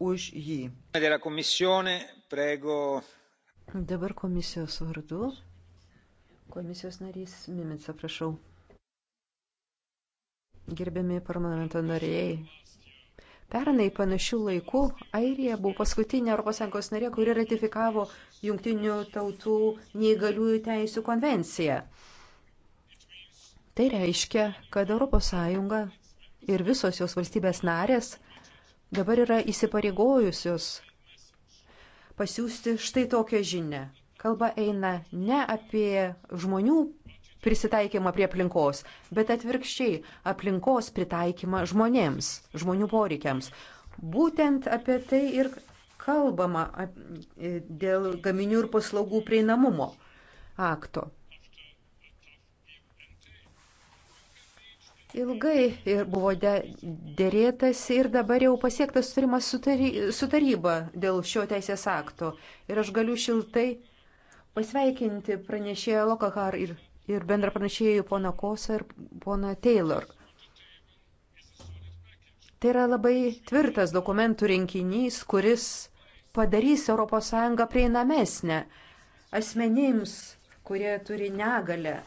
už jį. Dabar komisijos vardu. Komisijos narys Mimica, prašau. Gerbiami parlamento nariai, Pernai panašių laikų Airija buvo paskutinė ES narė, kuri ratifikavo Junktinių tautų neįgaliųjų teisų konvenciją. Tai reiškia, kad ES ir visos jos valstybės narės dabar yra įsipareigojusios pasiūsti štai tokią žinę. Kalba eina ne apie žmonių prisitaikymą prie aplinkos, bet atvirkščiai aplinkos pritaikymą žmonėms, žmonių poreikiams. Būtent apie tai ir kalbama dėl gaminių ir paslaugų prieinamumo akto. Ilgai ir buvo de, dėrėtas ir dabar jau pasiektas sutarimas su, tary, su taryba dėl šio teisės akto. Ir aš galiu šiltai pasveikinti pranešėją Lokahar ir, ir bendra pranešėjų pona Kosa ir pona Taylor. Tai yra labai tvirtas dokumentų rinkinys, kuris padarys ES prieinamesnę asmenims, kurie turi negalę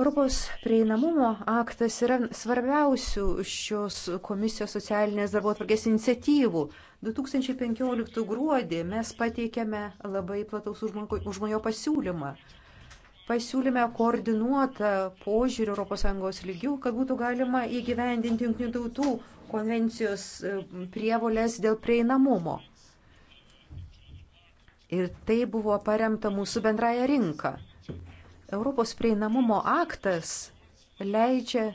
Europos prieinamumo aktas yra svarbiausių šios komisijos socialinės darbo atvarkės iniciatyvų. 2015 gruodį mes pateikėme labai plataus užmojo pasiūlymą. Pasiūlyme koordinuotą požiūrį ES lygių, kad būtų galima įgyvendinti Junktinių tautų konvencijos e, prievolės dėl prieinamumo. Ir tai buvo paremta mūsų bendraja rinka. Europos prieinamumo aktas leidžia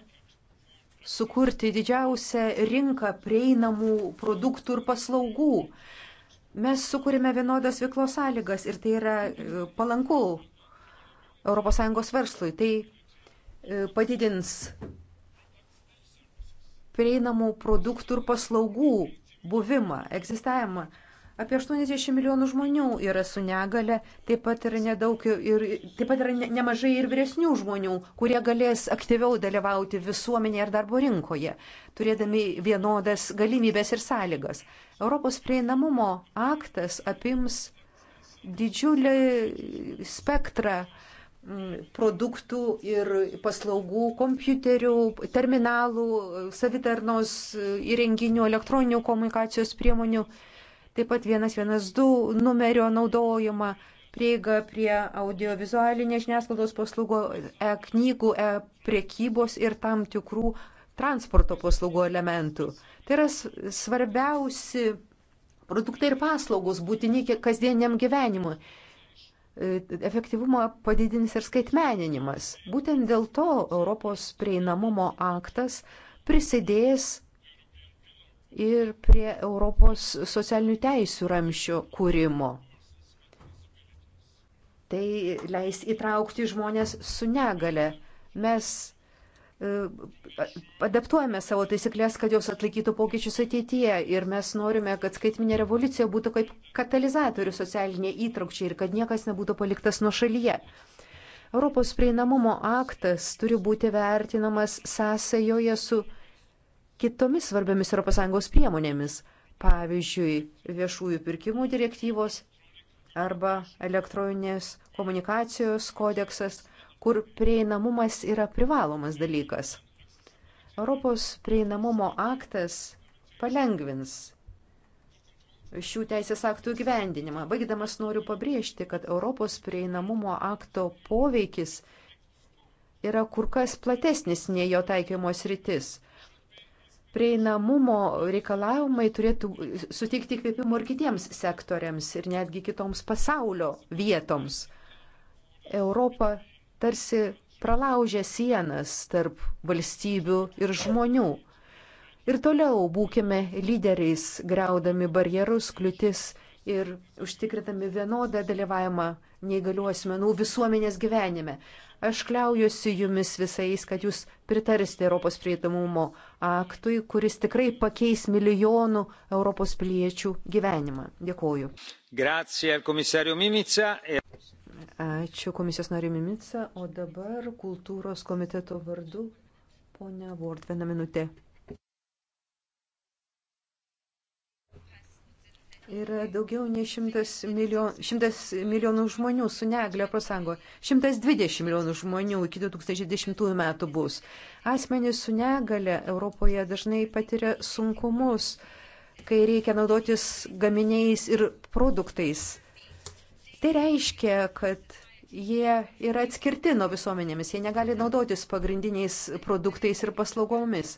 sukurti didžiausią rinką prieinamų produktų ir paslaugų. Mes sukūrėme vienodas veiklos sąlygas ir tai yra e, palanku ES verslui. Tai e, padidins prieinamų produktų ir paslaugų buvimą, egzistavimą. Apie 80 milijonų žmonių yra su negale, taip pat yra, nedaug, ir, taip pat yra ne, nemažai ir vyresnių žmonių, kurie galės aktyviau dalyvauti visuomenėje ir darbo rinkoje, turėdami vienodas galimybės ir sąlygas. Europos prieinamumo aktas apims didžiulį spektrą mm, produktų ir paslaugų, kompiuterių, terminalų, savitarnos įrenginių, elektroninių komunikacijos priemonių taip pat 112 numerio naudojimą, prieigą prie audiovizualinės žiniasklaidos paslaugo, e-knygų, e-prekybos ir tam tikrų transporto paslaugų elementų. Tai yra svarbiausi produktai ir paslaugos būtini kasdieniam gyvenimui. E, Efektyvumą padidins ir skaitmeninimas. Būtent dėl to Europos prieinamumo aktas prisidės ir prie Europos socialinių teisių ramščio kūrimo. Tai leis įtraukti žmonės su negale. Mes e, adaptuojame savo taisyklės, kad jos atlaikytų pokyčius ateityje ir mes norime, kad skaitminė revoliucija būtų kaip katalizatorius socialinė įtraukčiai ir kad niekas nebūtų paliktas nuo šalyje. Europos prieinamumo aktas turi būti vertinamas sąsajoje su kitomis svarbiamis ES priemonėmis, pavyzdžiui, viešųjų pirkimų direktyvos arba elektroninės komunikacijos kodeksas, kur prieinamumas yra privalomas dalykas. Europos prieinamumo aktas palengvins šių teisės aktų įgyvendinimą. Baigdamas noriu pabrėžti, kad Europos prieinamumo akto poveikis yra kur kas platesnis nei jo taikymos rytis prieinamumo reikalavimai turėtų suteikti įkvėpimo ir kitiems sektoriams ir netgi kitoms pasaulio vietoms. Europa tarsi pralaužia sienas tarp valstybių ir žmonių. Ir toliau būkime lyderiais, greudami barjerus, kliūtis ir užtikrintami vienodą dalyvavimą neįgalių asmenų visuomenės gyvenime. Aš kliaujuosi jumis visais, kad jūs pritarsite Europos prieitamumo aktui, kuris tikrai pakeis milijonų Europos piliečių gyvenimą. Dėkoju. Grazie, e- Ačiū komisijos nariu Mimica, o dabar kultūros komiteto vardu ponia Vort, vieną minutę. Yra daugiau nei 100 milijonų, 100 milijonų žmonių su negalio pasango. 120 milijonų žmonių iki 2010 metų bus. Asmenys su negale Europoje dažnai patiria sunkumus, kai reikia naudotis gaminiais ir produktais. Tai reiškia, kad jie yra atskirti nuo visuomenėmis, jie negali naudotis pagrindiniais produktais ir paslaugomis.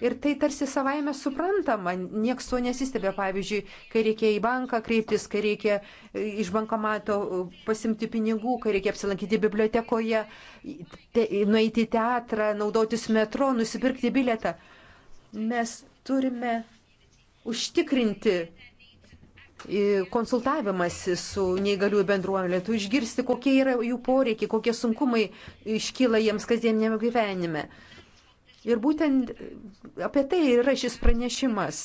Ir tai tarsi savaime suprantama, nieks to nesistebė, pavyzdžiui, kai reikia į banką kreiptis, kai reikia e, iš bankomato e, pasimti pinigų, kai reikia apsilankyti bibliotekoje, te, nueiti į teatrą, naudotis metro, nusipirkti biletą. Mes turime užtikrinti e, konsultavimasi su neįgaliųjų bendruomenė, tu išgirsti, kokie yra jų poreikiai, kokie sunkumai iškyla jiems kasdienėme gyvenime. Ir būtent apie tai yra šis pranešimas.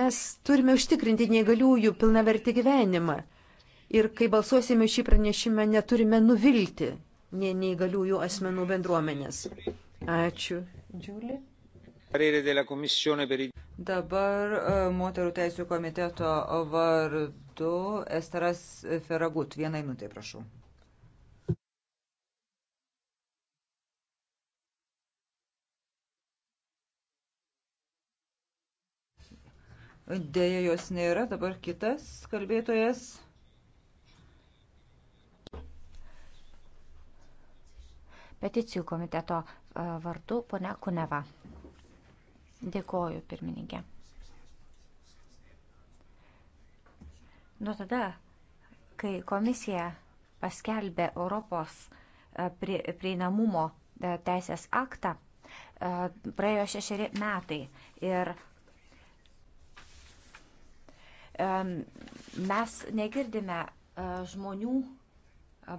Mes turime užtikrinti neįgaliųjų pilnavertį gyvenimą. Ir kai balsuosime šį pranešimą, neturime nuvilti neįgaliųjų asmenų bendruomenės. Ačiū. Džiulė. Dabar e, moterų teisų komiteto vardu Estaras Feragut. Vieną minutę, prašau. Dėja jos nėra. Dabar kitas kalbėtojas. Peticijų komiteto e, vardu ponia Kuneva. Dėkoju, pirmininkė. Nuo tada, kai komisija paskelbė Europos e, prie, prieinamumo e, teisės aktą, praėjo šešeri metai ir Mes negirdime e, žmonių e,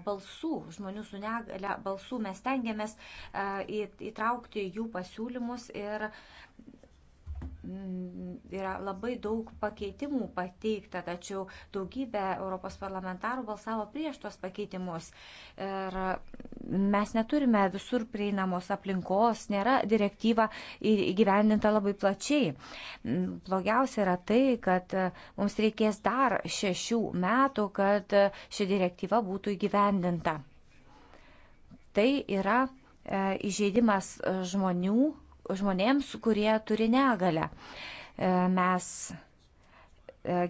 balsų, žmonių su negale balsų. Mes tengiamės e, įtraukti jų pasiūlymus ir Mm, yra labai daug pakeitimų pateikta, tačiau daugybė Europos parlamentarų balsavo prieš tuos pakeitimus. Ir mes neturime visur prieinamos aplinkos, nėra direktyva įgyvendinta labai plačiai. Mm, blogiausia yra tai, kad mums reikės dar šešių metų, kad ši direktyva būtų įgyvendinta. Tai yra e, įžeidimas žmonių žmonėms, kurie turi negalę. E, mes e,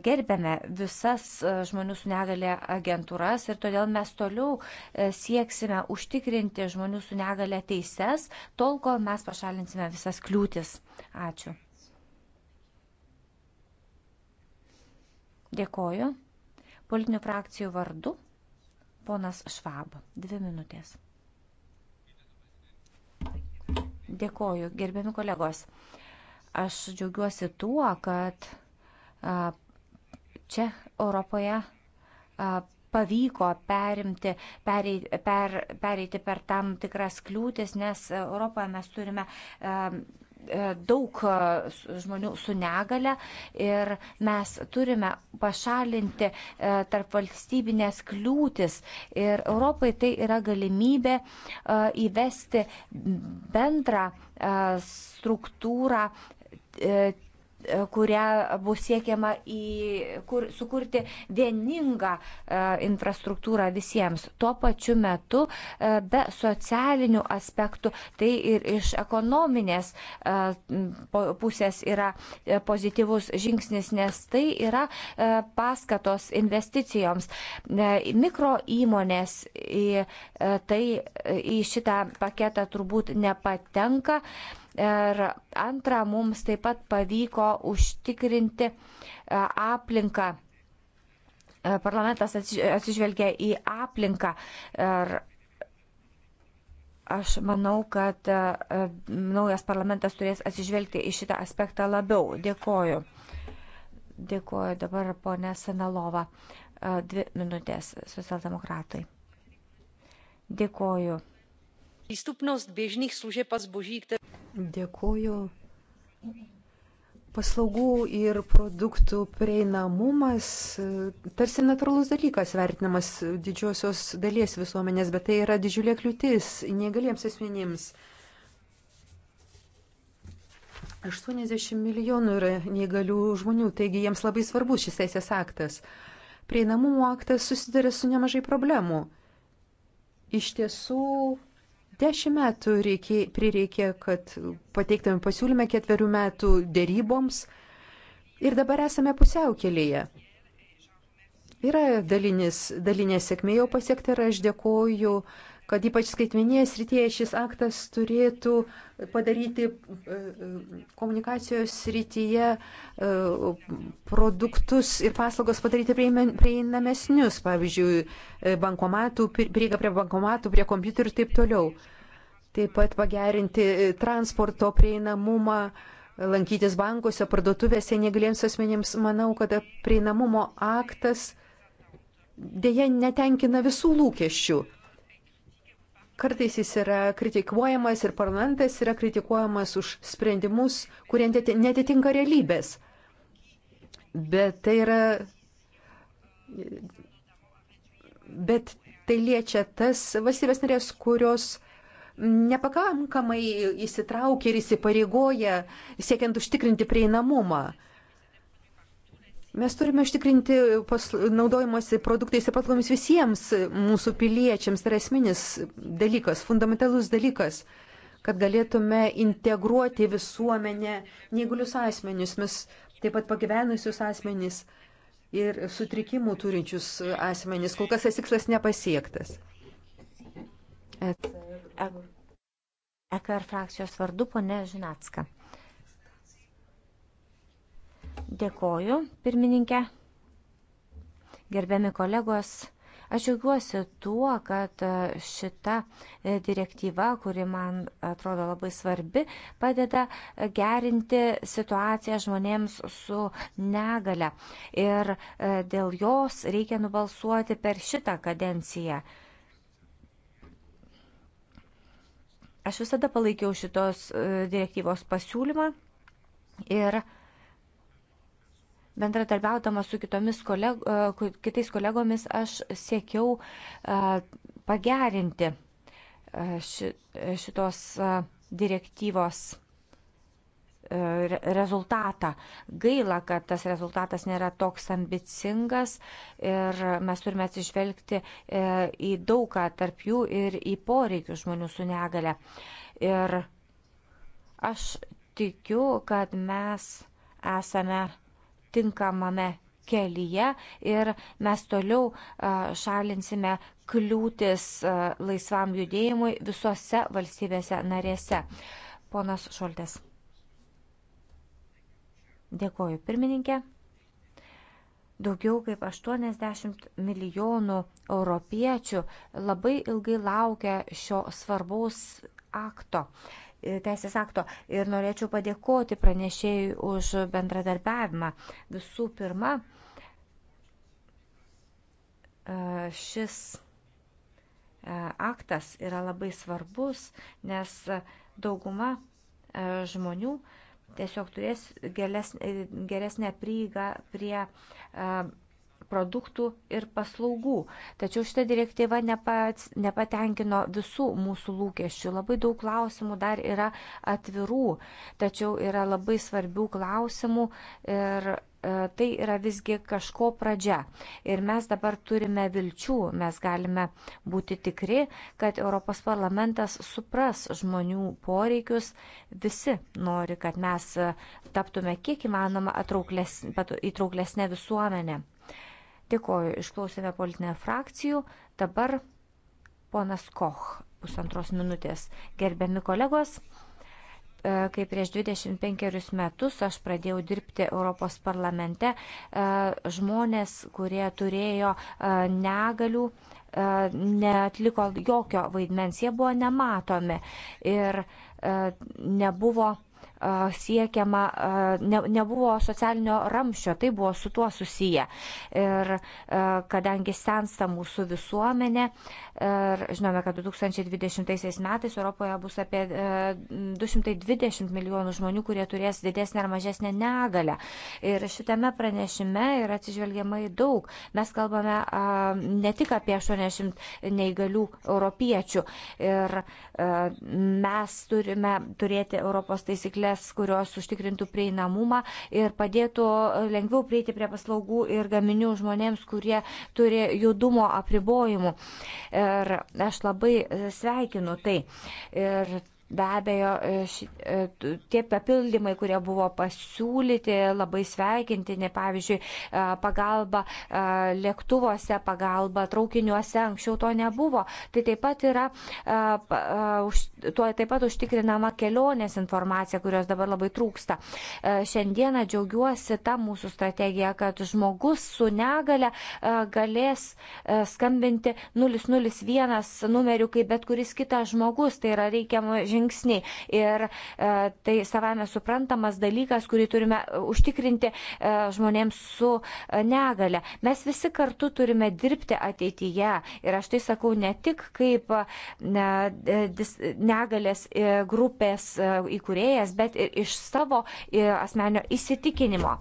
gerbėme visas e, žmonių su negale agentūras ir todėl mes toliau sieksime užtikrinti žmonių su negale teises, tol kol mes pašalinsime visas kliūtis. Ačiū. Dėkoju. Politinių frakcijų vardu. Ponas Švab. Dvi minutės. Dėkoju, gerbiami kolegos. Aš džiaugiuosi tuo, kad čia Europoje pavyko perimti, perei, per, pereiti per tam tikras kliūtis, nes Europoje mes turime E, daug e, žmonių su negale ir mes turime pašalinti e, tarp valstybinės kliūtis. Ir Europai tai yra galimybė įvesti bendrą struktūrą E, kurią bus siekiama į, kur, sukurti vieningą e, infrastruktūrą visiems. Tuo pačiu metu e, be socialinių aspektų tai ir iš ekonominės e, pusės yra e, pozityvus žingsnis, nes tai yra e, paskatos investicijoms. E, mikro įmonės į, e, tai, e, į šitą paketą turbūt nepatenka. E, Ir antra, mums taip pat pavyko užtikrinti e, aplinką. E, parlamentas atsižvelgia į aplinką. Ir aš manau, kad e, naujas parlamentas turės atsižvelgti į šitą aspektą labiau. Dėkoju. Dėkoju dabar ponė Senalova. Dvi minutės socialdemokratai. Dėkoju. Įstupnost bėžnych služeb pas božyk. Dėkuoju. Paslaugų ir produktų prieinamumas e, tarsi natūralus dalykas vertinamas didžiosios dalies visuomenės, bet tai yra didžiulė kliūtis negaliems asmenims. 80 milijonų yra neįgalių žmonių, taigi jiems labai svarbus šis teisės aktas. Prieinamumo aktas susiduria su nemažai problemų. Iš tiesų, Dešimt metų reikė, prireikė, kad pateiktumėm pasiūlymę ketverių metų dėryboms ir dabar esame pusiaukelėje. Yra dalinis, dalinė sėkmė jau pasiekta ir aš dėkoju uh, kad ypač skaitminėje srityje šis aktas turėtų padaryti e, e, komunikacijos srityje e, produktus ir paslaugos padaryti prieinamesnius, pavyzdžiui, bankomatų, prieiga prie bankomatų, prie kompiuterių ir taip toliau. Taip pat pagerinti transporto prieinamumą, lankytis bankuose, parduotuvėse negaliems asmenėms. Manau, kad prieinamumo aktas dėje netenkina visų lūkesčių. Kartais jis yra kritikuojamas ir parlamentas yra kritikuojamas už sprendimus, kurie netitinka realybės. Bet tai yra. Bet tai liečia tas valstybės narės, kurios nepakankamai įsitraukia ir įsipareigoja siekiant užtikrinti prieinamumą. Mes turime užtikrinti naudojimuose produktais ir paslaugomis visiems mūsų piliečiams. Tai yra esminis dalykas, fundamentalus dalykas, kad galėtume integruoti visuomenę neįgulius asmenius, mes taip pat pagyvenusius asmenys ir sutrikimų turinčius asmenys. Kol kas tas tikslas nepasiektas. EKR frakcijos vardu ponė Žinatska. Dėkoju, pirmininkė. Gerbiami kolegos, aš džiaugiuosi tuo, kad e, šita e, direktyva, kuri man atrodo labai svarbi, padeda e, gerinti situaciją žmonėms su negale. Ir dėl jos reikia nubalsuoti per šitą kadenciją. Aš visada palaikiau šitos direktyvos pasiūlymą ir uh, bendradarbiaudama su koleg e, kitais kolegomis, aš siekiau e, pagerinti e, šitos direktyvos rezultatą. Gaila, kad tas rezultatas nėra toks ambicingas ir mes turime atsižvelgti į daugą tarp jų ir į poreikius žmonių su negale. Ir aš tikiu, kad mes esame tinkamame kelyje ir mes toliau šalinsime kliūtis laisvam judėjimui visose valstybėse narėse. Ponas Šoltės. Dėkoju pirmininkė. Daugiau kaip 80 milijonų europiečių labai ilgai laukia šio svarbaus akto teisės akto ir norėčiau padėkoti pranešėjui už bendradarbiavimą. Visų pirma, e, šis e, aktas yra labai svarbus, nes dauguma e, žmonių tiesiog turės geresnę prieigą prie produktų ir paslaugų. Tačiau šitą direktyvą nepats, nepatenkino visų mūsų lūkesčių. Labai daug klausimų dar yra atvirų, tačiau yra labai svarbių klausimų ir e, tai yra visgi kažko pradžia. Ir mes dabar turime vilčių, mes galime būti tikri, kad Europos parlamentas supras žmonių poreikius. Visi nori, kad mes e, taptume kiek įmanoma įtrauklesnė visuomenė. Dėkoju, išklausėme politinę frakcijų. Dabar ponas Koch, pusantros minutės. Gerbiami kolegos, e, kai prieš 25 metus aš pradėjau dirbti Europos parlamente, e, žmonės, kurie turėjo e, negalių, neatliko jokio vaidmens, jie buvo nematomi ir nebuvo siekiama, ne, nebuvo socialinio ramščio, tai buvo su tuo susiję. Ir kadangi sensta mūsų visuomenė, ir žinome, kad 2020 metais Europoje bus apie 220 milijonų žmonių, kurie turės didesnę ar mažesnę negalę. Ir šitame pranešime yra atsižvelgiamai daug. Mes kalbame ne tik apie 80 neįgalių europiečių. Ir mes turime turėti Europos taisyklę taisyklės, kurios užtikrintų prieinamumą ir padėtų lengviau prieiti prie paslaugų ir gaminių žmonėms, kurie turi judumo apribojimų. Ir aš labai sveikinu tai. Ir Be abejo, e, ši, e, tie papildymai, kurie buvo pasiūlyti, labai sveikintini, pavyzdžiui, e, pagalba lėktuvuose, pagalba traukiniuose, anksčiau to nebuvo. Tai taip pat yra, tuo taip pat užtikrinama kelionės informacija, kurios dabar labai trūksta. Šiandieną džiaugiuosi tą mūsų strategiją, kad žmogus su negale galės skambinti 001 numeriu kaip bet kuris kitas žmogus. Tai yra reikiamų žingsnių žingsniai. Ir e, tai savame suprantamas dalykas, kurį turime e, užtikrinti e, žmonėms su negale. Mes visi kartu turime dirbti ateityje. Ir aš tai sakau ne tik kaip negalės grupės įkūrėjas, bet ir iš savo asmenio įsitikinimo.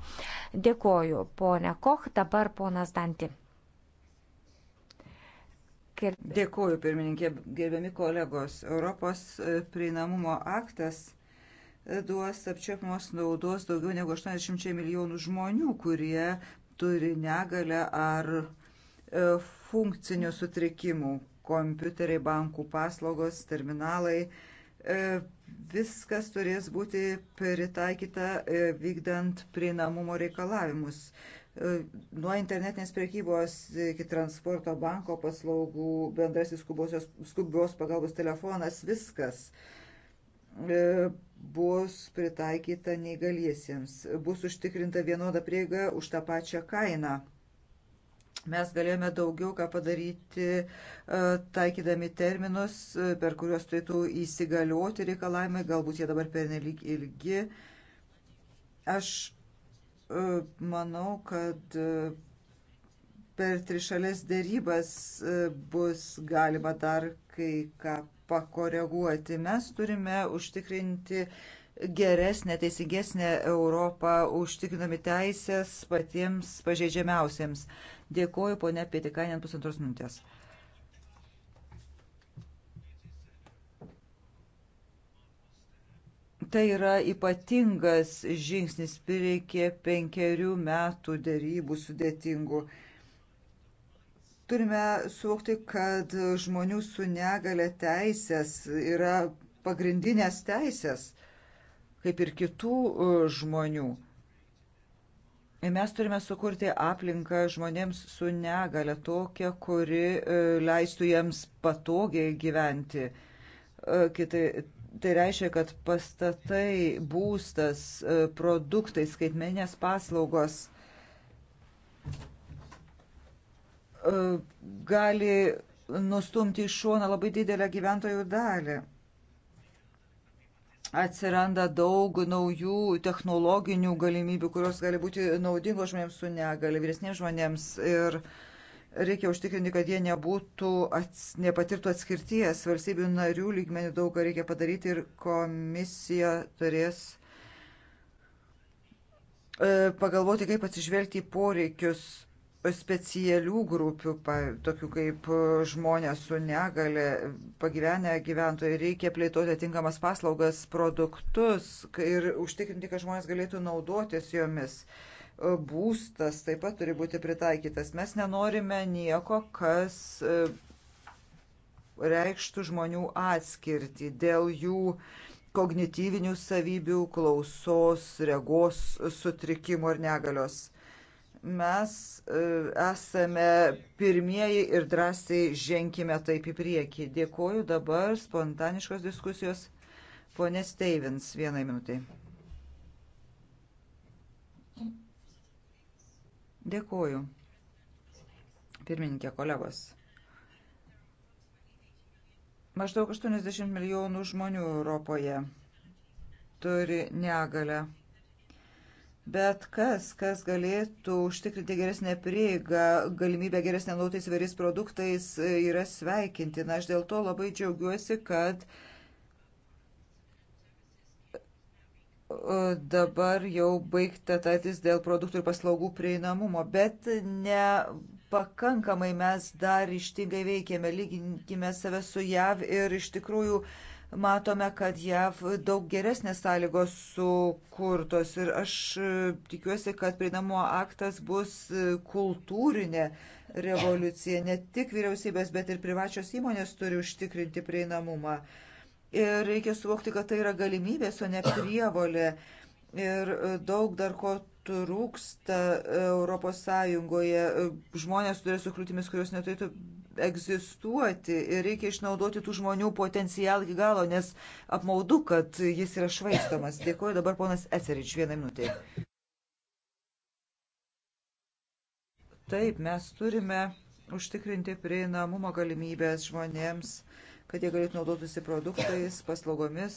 Dėkoju, ponia Koch, dabar ponas Danti que... Dėkuoju, pirmininkė, gerbiami kolegos. Europos e, prieinamumo aktas e, duos apčiopiamos naudos daugiau negu 80 milijonų žmonių, kurie turi negalę ar e, funkcinių sutrikimų. Kompiuteriai, bankų paslaugos, terminalai. Viskas turės būti pritaikyta vykdant prieinamumo reikalavimus. E, nuo internetinės priekybos iki transporto banko paslaugų, bendrasis skubios pagalbos telefonas, viskas e, bus pritaikyta neįgaliesiems, bus užtikrinta vienoda prieiga už tą pačią kainą. Mes galėjome daugiau ką padaryti, e, taikydami terminus, per kuriuos turėtų įsigalioti reikalavimai, galbūt jie dabar pernelyg ilgi. Aš manau, kad e, per trišalės dėrybas e, bus galima dar kai ką pakoreguoti. Mes turime užtikrinti geresnę, teisingesnę Europą, užtikrinami teisės patiems pažeidžiamiausiems. Dėkoju, ponia Pietikainė, pusantros minutės. Tai yra ypatingas žingsnis prireikė penkerių metų dėrybų sudėtingų. Turime suvokti, kad žmonių su negale teisės yra pagrindinės teisės, kaip ir kitų e, žmonių. Mes turime sukurti aplinką žmonėms su negale tokią, kuri e, leistų jiems patogiai gyventi. E, Kitai, Tai reiškia, kad pastatai, būstas, e, produktai, skaitmeninės paslaugos e, gali nustumti į šoną labai didelę gyventojų dalį. Atsiranda daug naujų technologinių galimybių, kurios gali būti naudingos žmonėms su negali, vyresniems žmonėms ir uh, Reikia užtikrinti, kad jie nebūtų, ats, nepatirtų atskirties. Valstybių narių lygmenių daug ką reikia padaryti ir komisija turės e, pagalvoti, kaip atsižvelgti į poreikius specialių grupių, tokių kaip žmonės su negale, pagyvenę gyventojai, reikia plėtoti atinkamas paslaugas, produktus ir užtikrinti, kad žmonės galėtų naudotis jomis. Uh, būstas taip pat turi būti pritaikytas. Mes nenorime nieko, kas e, reikštų žmonių atskirti dėl jų kognityvinių savybių, klausos, regos sutrikimų ar negalios. Mes e, esame pirmieji ir drąsiai ženkime taip į priekį. Dėkuoju dabar spontaniškos diskusijos. Pone Steivins, vienai minutai. Dėkuoju. Pirmininkė, kolegos. Maždaug 80 milijonų žmonių Europoje turi negalę. Bet kas, kas galėtų užtikrinti geresnę prieigą, galimybę geresnę naudotis įvairiais produktais, yra sveikintina. Aš dėl to labai džiaugiuosi, kad uh, E, dabar jau baigta tartis dėl produktų ir paslaugų prieinamumo, bet nepakankamai mes dar ištingai veikėme, lyginkime save su JAV ir iš tikrųjų matome, kad JAV daug geresnės sąlygos sukurtos ir aš e, tikiuosi, kad prieinamo aktas bus e, kultūrinė revoliucija. Ne tik vyriausybės, bet ir privačios įmonės turi užtikrinti prieinamumą. Ir reikia suvokti, kad tai yra galimybės, o ne prievolė. Ir e, daug dar ko trūksta e, Europos Sąjungoje. E, žmonės turi su kliūtimis, kurios neturėtų egzistuoti. Ir reikia išnaudoti tų žmonių potencialą iki galo, nes apmaudu, kad jis yra švaistomas. Dėkuoju dabar ponas Eserič, vieną minutę. Taip, mes turime užtikrinti prieinamumą galimybės žmonėms kad jie galėtų naudotųsi produktais, paslaugomis.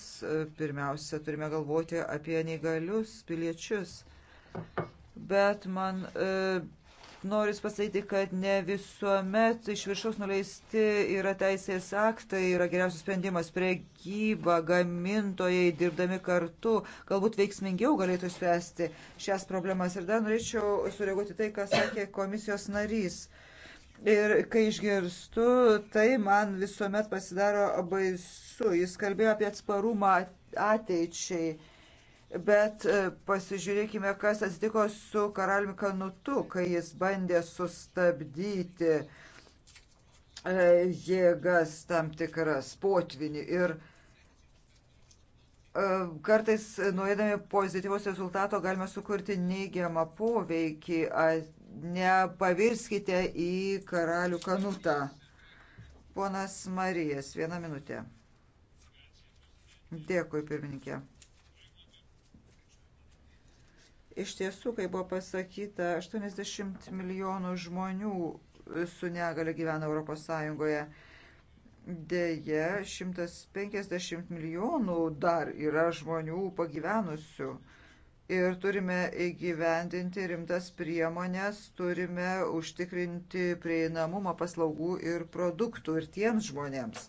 Pirmiausia, turime galvoti apie neįgalius piliečius. Bet man e, noris pasakyti, kad ne visuomet iš viršaus nuleisti yra teisės aktai, yra geriausias sprendimas priekyba, gamintojai dirbdami kartu, galbūt veiksmingiau galėtų spręsti šias problemas. Ir dar norėčiau sureaguoti tai, ką sakė komisijos narys. E, Ir kai išgirstu, tai man visuomet pasidaro baisu. Jis kalbėjo apie atsparumą ateičiai. Bet e, pasižiūrėkime, kas atsitiko su karaliumi Kanutu, kai jis bandė sustabdyti e, jėgas tam tikras potvinį. Ir e, kartais, nuėdami pozityvos rezultato, galime sukurti neigiamą poveikį nepavirskite į karalių kanutą. Ponas Marijas, vieną minutę. Dėkui, pirmininkė. Iš tiesų, kaip buvo pasakyta, 80 milijonų žmonių su negale gyvena Europos Sąjungoje. Deja, 150 milijonų dar yra žmonių pagyvenusių ir turime įgyvendinti rimtas priemonės, turime užtikrinti prieinamumą paslaugų ir produktų ir tiems žmonėms.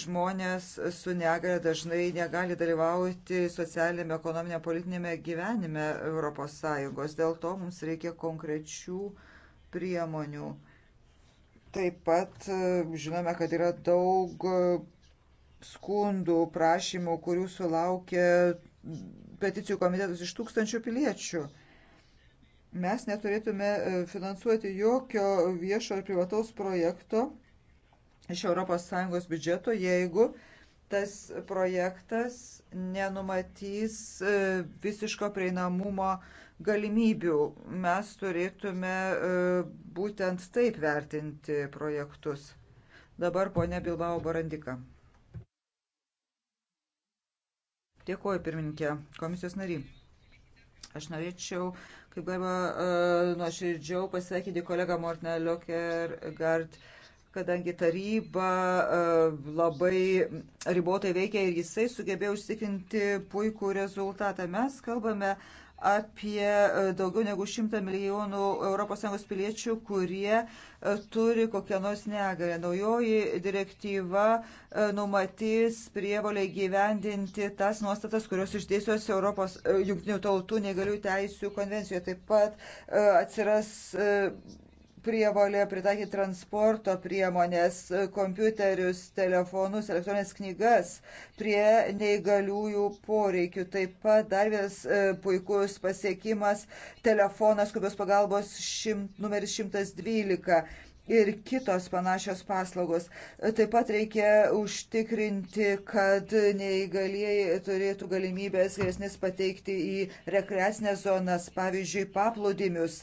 Žmonės su negale dažnai negali dalyvauti socialinėme, ekonominėme, politinėme gyvenime ES. Dėl to mums reikia konkrečių priemonių. Taip pat e, žinome, kad yra daug e, skundų, prašymų, kurių sulaukia peticijų komitetus iš tūkstančių piliečių. Mes neturėtume e, finansuoti jokio viešo ar privataus projekto iš ES biudžeto, jeigu tas projektas nenumatys e, visiško prieinamumo galimybių. Mes turėtume e, būtent taip vertinti projektus. Dabar ponia Bilbao Barandika. Dėkuoju, pirmininkė, komisijos nariai. Aš norėčiau, kaip galima uh, nuoširdžiau pasakyti kolegą Mortiną Liokergard, kadangi taryba uh, labai ribotai veikia ir jisai sugebėjo užsikrinti puikų rezultatą. Mes kalbame apie e, daugiau negu 100 milijonų ES piliečių, kurie e, turi kokią nors negalę. Naujoji direktyva e, numatys prievolę gyvendinti tas nuostatas, kurios išdėsios Europos jungtinių tautų negalių teisų konvencijoje. Taip pat atsiras prievalė pritaikyti transporto priemonės, kompiuterius, telefonus, elektroninės knygas prie neįgaliųjų poreikių. Taip pat dar vienas e, puikus pasiekimas - telefonas skubios pagalbos šim, numeris 112 ir kitos panašios paslaugos. Taip pat reikia užtikrinti, kad neįgalieji turėtų galimybės geresnės pateikti į rekreacinės zonas, pavyzdžiui, paplūdimius.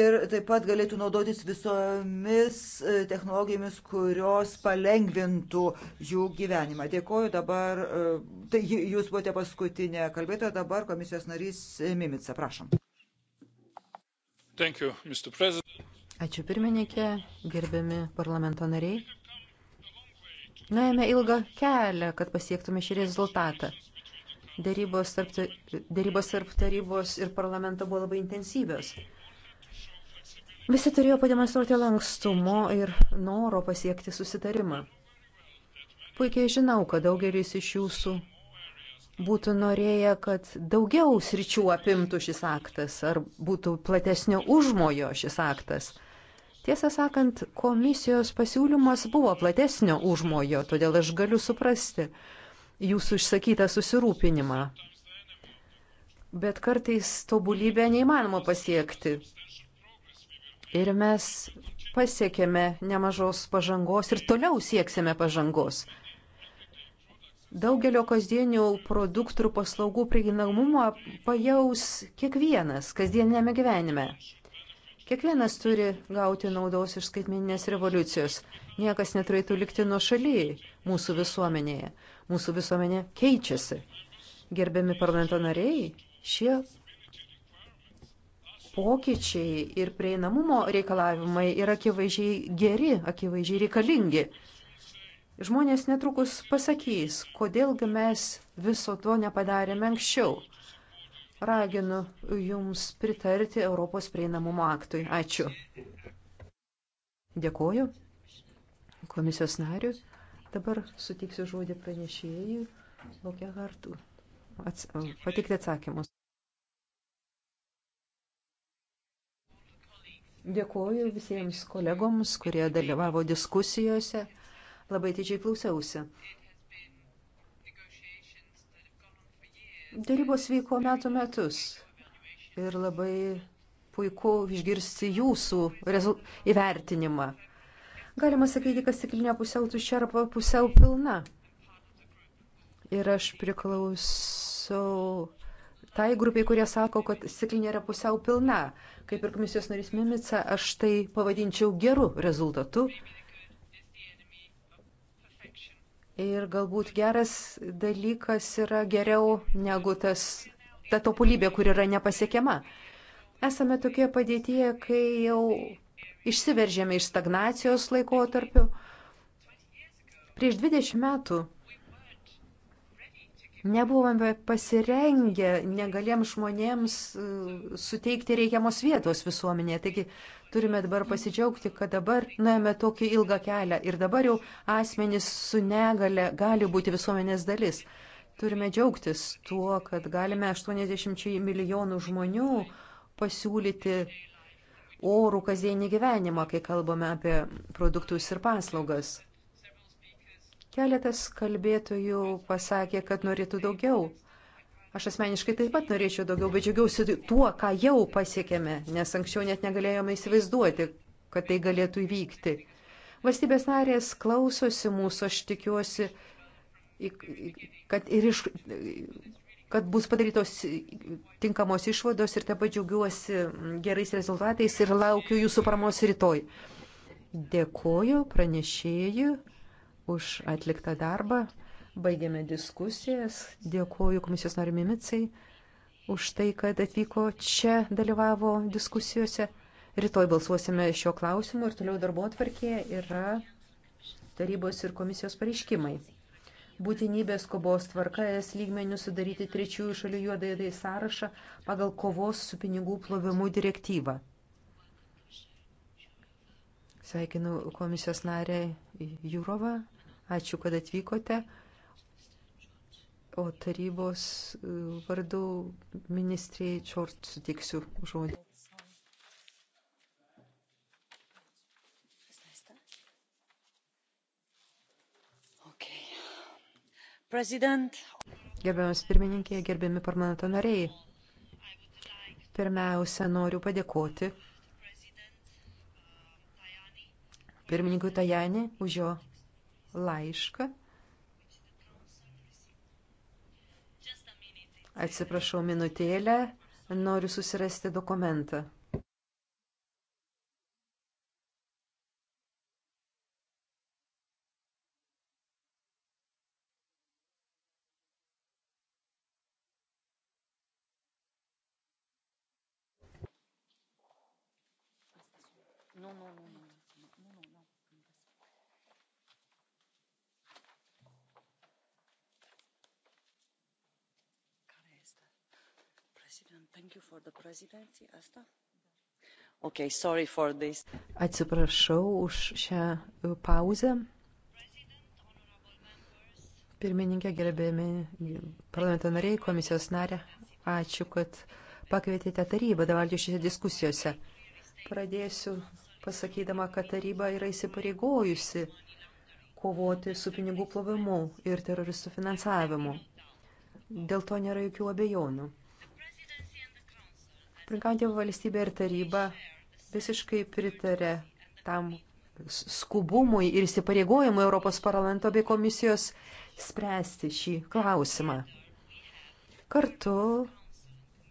Ir taip pat galėtų naudotis visomis e, technologijomis, kurios palengvintų jų gyvenimą. Dėkoju dabar, e, tai jūs buvote paskutinė kalbėtoja, dabar komisijos narys Mimica, prašom. Thank you, Mr. President. Ačiū pirmininkė, gerbiami parlamento nariai. Nuėjome ilgą kelią, kad pasiektume šį rezultatą. Dėrybos tarp, dėrybos tarp tarybos ir parlamento buvo labai intensyvios. Visi turėjo pademonstruoti lankstumo ir noro pasiekti susitarimą. Puikiai žinau, kad daugelis iš jūsų būtų norėję, kad daugiau sričių apimtų šis aktas ar būtų platesnio užmojo šis aktas. Tiesą sakant, komisijos pasiūlymas buvo platesnio užmojo, todėl aš galiu suprasti jūsų išsakytą susirūpinimą. Bet kartais tobulybę neįmanoma pasiekti. Ir mes pasiekėme nemažos pažangos ir toliau sieksime pažangos. Daugelio kasdienių produktų ir paslaugų prieinamumo pajaus kiekvienas kasdienėme gyvenime. Kiekvienas turi gauti naudos iš skaitmeninės revoliucijos. Niekas neturėtų likti nuo šalyje mūsų visuomenėje. Mūsų visuomenė keičiasi. Gerbiami parlamento nariai, šie pokyčiai ir prieinamumo reikalavimai yra akivaizdžiai geri, akivaizdžiai reikalingi. Žmonės netrukus pasakys, kodėlgi mes viso to nepadarėme anksčiau. Raginu Jums pritarti Europos prieinamumo aktui. Ačiū. Dėkoju komisijos nariui. Dabar sutiksiu žodį pranešėjui Lokia Hartų. Ats patikti atsakymus. Dėkuoju visiems kolegoms, kurie dalyvavo diskusijose. Labai didžiai klausiausi. Darybos vyko metų metus ir labai puiku išgirsti jūsų rezult... įvertinimą. Galima sakyti, kad stiklinė pusiau tuščia arba pusiau pilna. Ir aš priklausau tai grupiai, kurie sako, kad stiklinė yra pusiau pilna. Kaip ir komisijos narys Mimica, aš tai pavadinčiau geru rezultatu. Ir galbūt geras dalykas yra geriau negu tas, ta topulybė, kur yra nepasiekiama. Esame tokie padėtyje, kai jau išsiveržėme iš stagnacijos laikotarpių. Prieš 20 metų Nebuvome pasirengę negaliems žmonėms e, suteikti reikiamos vietos visuomenėje. Taigi turime dabar pasidžiaugti, kad dabar nuėjome tokį ilgą kelią ir dabar jau asmenys su negale gali būti visuomenės dalis. Turime džiaugtis tuo, kad galime 80 milijonų žmonių pasiūlyti orų kasdienį gyvenimą, kai kalbame apie produktus ir paslaugas. Keletas kalbėtojų pasakė, kad norėtų daugiau. Aš asmeniškai taip pat norėčiau daugiau, bet džiaugiausi tuo, ką jau pasiekėme, nes anksčiau net negalėjome įsivaizduoti, kad tai galėtų įvykti. Valstybės narės klausosi mūsų, aš tikiuosi, kad, ir iš, kad bus padarytos tinkamos išvados ir taip pat džiaugiuosi gerais rezultatais ir laukiu jūsų paramos rytoj. Dėkoju pranešėjui už atliktą darbą. Baigėme diskusijas. Dėkuoju komisijos nariu Mimicai už tai, kad atvyko čia, dalyvavo diskusijose. Rytoj balsuosime šio klausimu ir toliau darbo atvarkėje yra tarybos ir komisijos pareiškimai. Būtinybės kovos tvarka es lygmenių sudaryti trečiųjų šalių juodąjį sąrašą pagal kovos su pinigų plovimu direktyvą. Sveikinu komisijos narę Jūrovą. Ačiū, kad atvykote. O tarybos e, vardu ministrė Čort sutiksiu žodį. Gerbiamas pirmininkė, gerbiami parlamento nariai. Pirmiausia, noriu padėkoti pirmininkui Tajani už jo laišką. Atsiprašau minutėlę, noriu susirasti dokumentą. Okay, Atsiprašau už šią pauzę. Pirmininkė, gerbėjami parlamento nariai, komisijos narė, ačiū, kad pakvietėte tarybą dalyvauti šiose diskusijose. Pradėsiu pasakydama, kad taryba yra įsipareigojusi kovoti su pinigų plovimu ir teroristų finansavimu. Dėl to nėra jokių abejonių. Prinkantė valstybė ir taryba visiškai pritarė tam skubumui ir įsipareigojimui Europos parlamento bei komisijos spręsti šį klausimą. Kartu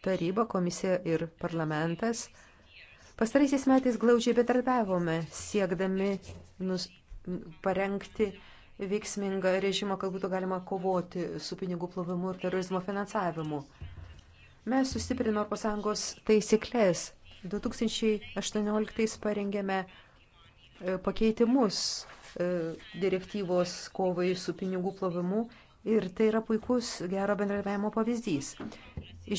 taryba, komisija ir parlamentas pastaraisiais metais glaudžiai betarbiavome, siekdami nus, parengti veiksmingą režimą, kad būtų galima kovoti su pinigų plovimu ir terorizmo finansavimu. Mes sustiprinome ES taisyklės. 2018 parengėme e, pakeitimus e, direktyvos kovai su pinigų plovimu ir tai yra puikus gero bendradarbiavimo pavyzdys.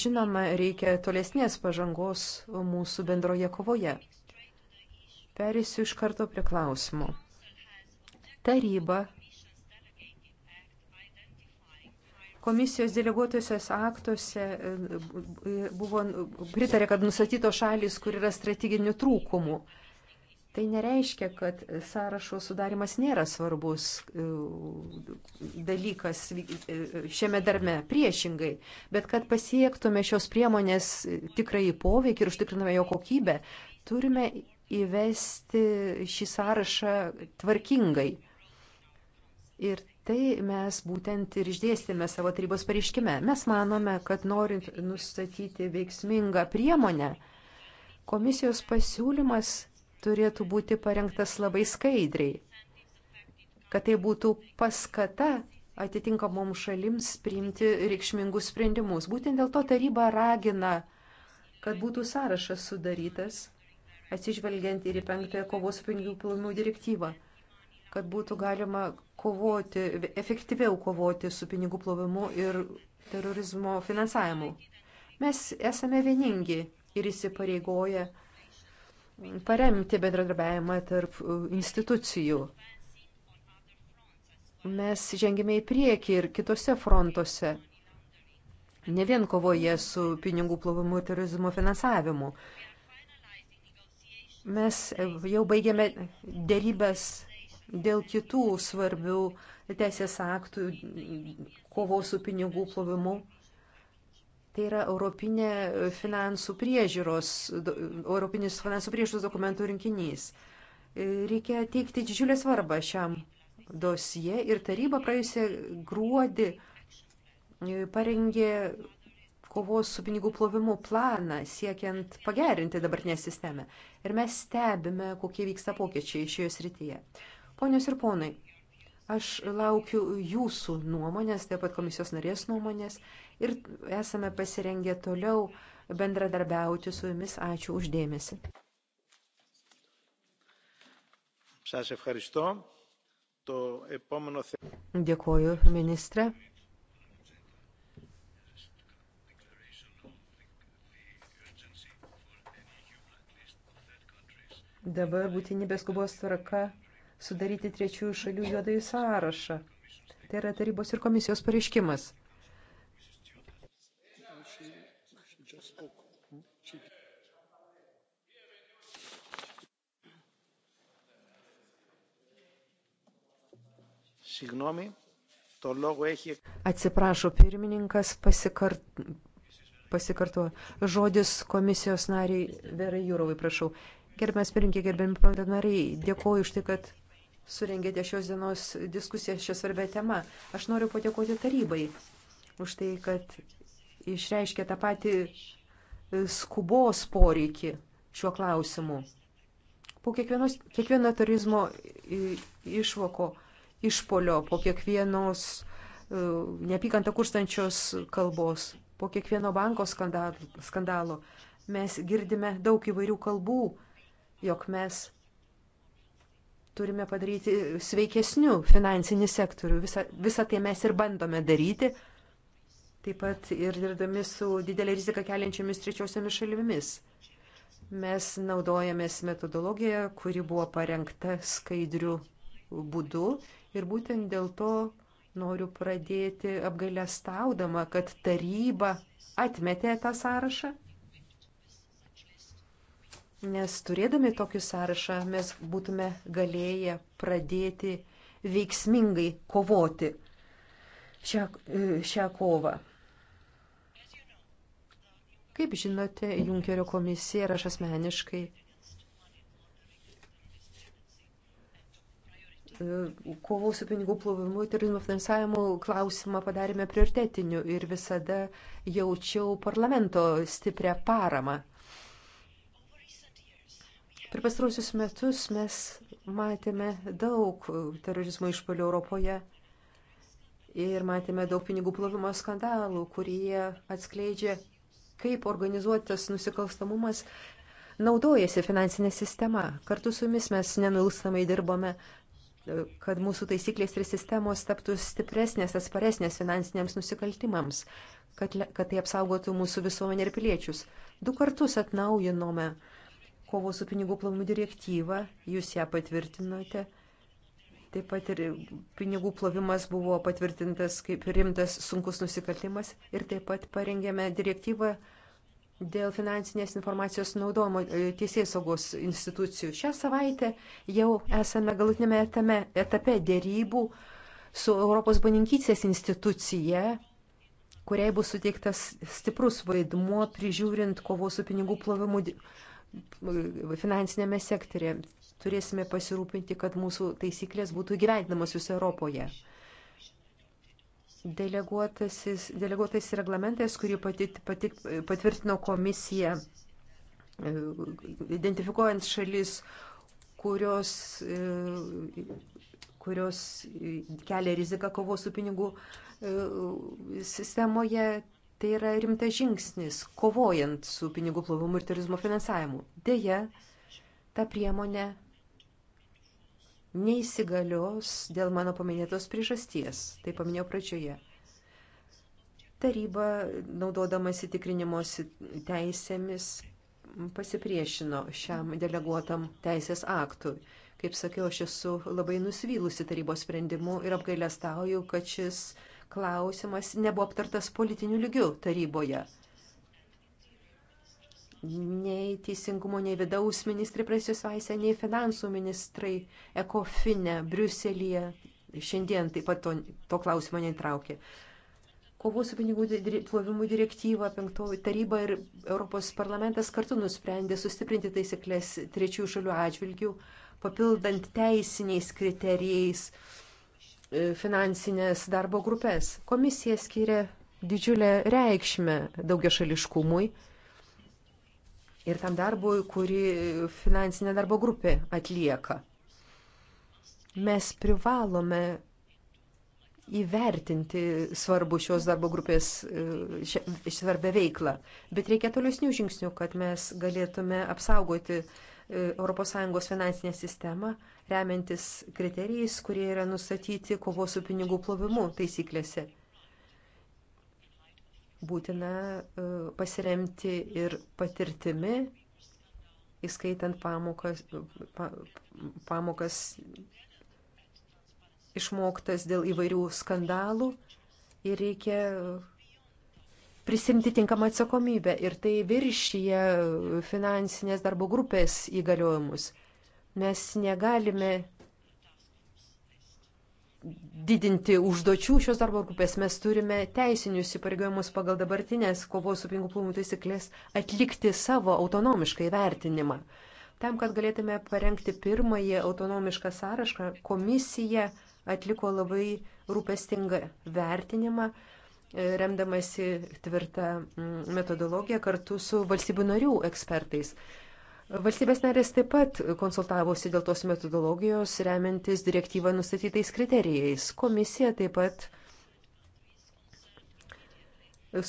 Žinoma, reikia tolesnės pažangos mūsų bendroje kovoje. Perėsiu iš karto prie klausimų. Taryba Komisijos deleguotusios aktuose e, buvo pritarė, kad nusatytos šalis, kur yra strateginių trūkumų. Tai nereiškia, kad sąrašo sudarimas nėra svarbus e, dalykas e, šiame darbe, priešingai, bet kad pasiektume šios priemonės tikrai poveikį ir užtikrintume jo kokybę, turime įvesti šį sąrašą tvarkingai. Ir Tai mes būtent ir išdėstėme savo tarybos pareiškime. Mes manome, kad norint nustatyti veiksmingą priemonę, komisijos pasiūlymas turėtų būti parengtas labai skaidriai, kad tai būtų paskata atitinkamoms šalims priimti reikšmingus sprendimus. Būtent dėl to taryba ragina, kad būtų sąrašas sudarytas, atsižvelgiant ir į penktąją kovos pinigų planų direktyvą kad būtų galima kovoti, efektyviau kovoti su pinigų plovimu ir terorizmo finansavimu. Mes esame vieningi ir įsipareigoję paremti bendradarbiavimą tarp e, institucijų. Mes žengime į priekį ir kitose frontuose, ne vien kovoje su pinigų plovimu ir terorizmo finansavimu. Mes jau baigėme dėrybęs dėl kitų svarbių teisės aktų kovos su pinigų plovimu. Tai yra Europinė finansų priežiūros, Europinis finansų priežiūros dokumentų rinkinys. Reikia teikti didžiulę svarbą šiam dosie ir taryba praėjusią gruodį e, parengė kovos su pinigų plovimu planą, siekiant pagerinti dabartinę sistemą. Ir mes stebime, kokie vyksta pokyčiai šioje srityje. Ponios ir ponai, aš laukiu jūsų nuomonės, taip pat komisijos narės nuomonės ir esame pasirengę toliau bendradarbiauti su jumis. Ačiū uždėmesi. Dėkuoju, ministrė. Dabar būtinybės skubos tvarka sudaryti trečiųjų šalių juodąjį sąrašą. Tai yra tarybos ir komisijos pareiškimas. Atsiprašo, pirmininkas pasikart... pasikartuo. Žodis komisijos nariai Verai Jūrovai, prašau. Gerbės pirinkė, gerbėmi parlamentarai, dėkoju už tai, kad surengėte šios dienos diskusiją šią svarbę temą. Aš noriu padėkoti tarybai už tai, kad išreiškė tą patį e, skubos poreikį šiuo klausimu. Po kiekvienos, kiekvieno turizmo išvoko, išpolio, po kiekvienos e, neapykantą kurstančios kalbos, po kiekvieno banko skandalo, skandalo mes girdime daug įvairių kalbų, jog mes turime padaryti sveikesnių finansinį sektorių. Visa, visa tai mes ir bandome daryti, taip pat ir dirbdami su didelį riziką keliančiomis trečiosiomis šalimis. Mes naudojamės metodologiją, kuri buvo parengta skaidrių būdu ir būtent dėl to noriu pradėti apgailę staudama, kad taryba atmetė tą sąrašą Nes turėdami tokį sąrašą mes būtume galėję pradėti veiksmingai kovoti šią, šią kovą. Kaip žinote, Junkerio komisija ir aš asmeniškai e, kovos su pinigų plovimu ir terorizmo finansavimu klausimą padarėme prioritetiniu ir visada jaučiau parlamento stiprią paramą. Per pastarosius metus mes matėme daug terorizmo išpolių Europoje ir matėme daug pinigų plovimo skandalų, kurie atskleidžia, kaip organizuotas nusikalstamumas naudojasi finansinė sistema. Kartu su jumis mes nenulstamai dirbome kad mūsų taisyklės ir sistemos taptų stipresnės, atsparesnės finansiniams nusikaltimams, kad, kad tai apsaugotų mūsų visuomenę ir piliečius. Du kartus atnaujinome uh, kovos su pinigų plovimu direktyvą, jūs ją patvirtinote. Taip pat ir pinigų plovimas buvo patvirtintas kaip rimtas sunkus nusikaltimas ir taip pat parengėme direktyvą dėl finansinės informacijos naudojimo e, teisės saugos institucijų. Šią savaitę jau esame galutinėme etame, etape dėrybų su Europos baninkystės institucija, kuriai bus suteiktas stiprus vaidmuo prižiūrint kovos su pinigų plovimu finansinėme sektorė. Turėsime pasirūpinti, kad mūsų taisyklės būtų gyvendinamos visoje Europoje. Deleguotasis, deleguotais reglamentais, kurį patit, patit, patvirtino komisija, identifikuojant šalis, kurios, kurios kelia riziką kovos su pinigų e, sistemoje, Tai yra rimtas žingsnis, kovojant su pinigų plovimu ir terorizmo finansavimu. Deja, ta priemonė neįsigalios dėl mano paminėtos priežasties, tai paminėjau pradžioje. Taryba, naudodamasi tikrinimosi teisėmis, pasipriešino šiam deleguotam teisės aktui. Kaip sakiau, aš esu labai nusivylusi tarybos sprendimu ir apgailestauju, kad šis uh, klausimas nebuvo aptartas politiniu lygiu taryboje. Nei teisingumo, nei vidaus ministrai prasisaisė, nei finansų ministrai Ekofine, Briuselėje. Šiandien taip pat to, to klausimo neįtraukė. Kovos su pinigų plovimų direktyva, penktoji taryba ir Europos parlamentas kartu nusprendė sustiprinti taisyklės trečiųjų šalių atžvilgių, papildant teisiniais kriterijais uh, finansinės darbo grupės. Komisija skiria didžiulę reikšmę daugia šališkumui ir tam darbui, kurį finansinė darbo grupė atlieka. Mes privalome įvertinti svarbu šios darbo grupės svarbę veiklą, bet reikia tolesnių žingsnių, kad mes galėtume apsaugoti uh, E, ES finansinę sistemą, remiantis kriterijais, kurie yra nustatyti kovos su pinigų plovimu taisyklėse. Būtina e, pasiremti ir patirtimi, įskaitant pamokas, pa, pamokas išmoktas dėl įvairių skandalų ir reikia prisimti tinkamą atsakomybę ir tai viršyje finansinės darbo grupės įgaliojimus. Mes negalime didinti užduočių šios darbo grupės. Mes turime teisinius įpareigojimus pagal dabartinės kovos su pinigų plovimu taisyklės atlikti savo autonomišką įvertinimą. Tam, kad galėtume parengti pirmąjį autonomišką sąrašą, komisija atliko labai rūpestingą vertinimą remdamasi tvirtą mm, metodologiją kartu su valstybių narių ekspertais. Valstybės narės taip pat konsultavosi dėl tos metodologijos, remiantis direktyvą nustatytais kriterijais. Komisija taip pat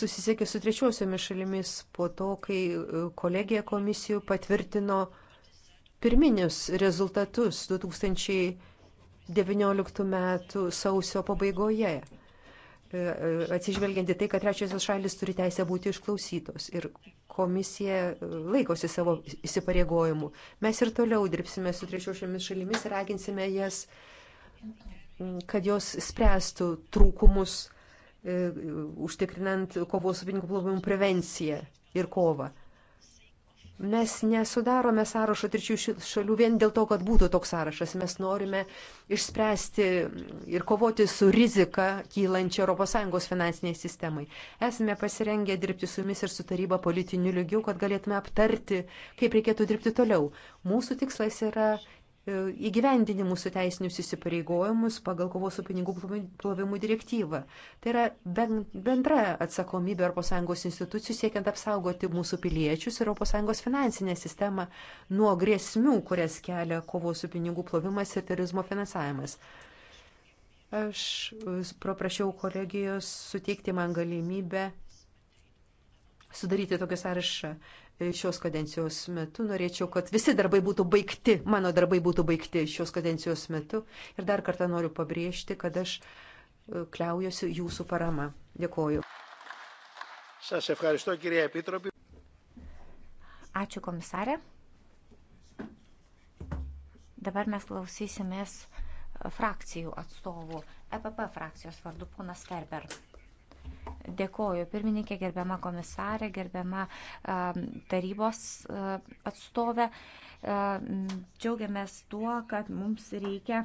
susisiekė su trečiosiomis šalimis po to, kai kolegija komisijų patvirtino pirminius rezultatus 2019 m. sausio pabaigoje. E, atsižvelgianti tai, kad trečiosios šalis turi teisę būti išklausytos ir komisija e, laikosi savo įsipareigojimų. Mes ir toliau dirbsime su trečiosiomis šalimis ir raginsime jas, kad jos spręstų trūkumus, e, užtikrinant kovos su pinigų plovimu prevenciją ir kovą. Mes nesudarome sąrašo trečių šalių vien dėl to, kad būtų toks sąrašas. Mes norime išspręsti ir kovoti su rizika kylančia ES finansiniai sistemai. Esame pasirengę dirbti su jumis ir su taryba politiniu lygiu, kad galėtume aptarti, kaip reikėtų dirbti toliau. Mūsų tikslas yra E, įgyvendini mūsų teisinius įsipareigojimus pagal kovos su pinigų plovimu direktyvą. Tai yra bendra atsakomybė ES institucijų siekiant apsaugoti mūsų piliečius ir ES finansinę sistemą nuo grėsmių, kurias kelia kovos su pinigų plovimas ir terorizmo finansavimas. Aš e, paprašiau kolegijos suteikti man galimybę sudaryti tokį sąrašą šios kadencijos metu. Norėčiau, kad visi darbai būtų baigti, mano darbai būtų baigti šios kadencijos metu. Ir dar kartą noriu pabrėžti, kad aš e, kliaujuosi jūsų parama. Dėkoju. Ačiū komisarė. Dabar mes klausysimės frakcijų atstovų. EPP frakcijos vardu ponas Ferber. Dėkoju pirmininkė, gerbiama komisarė, gerbiama tarybos atstovė. Džiaugiamės tuo, kad mums reikia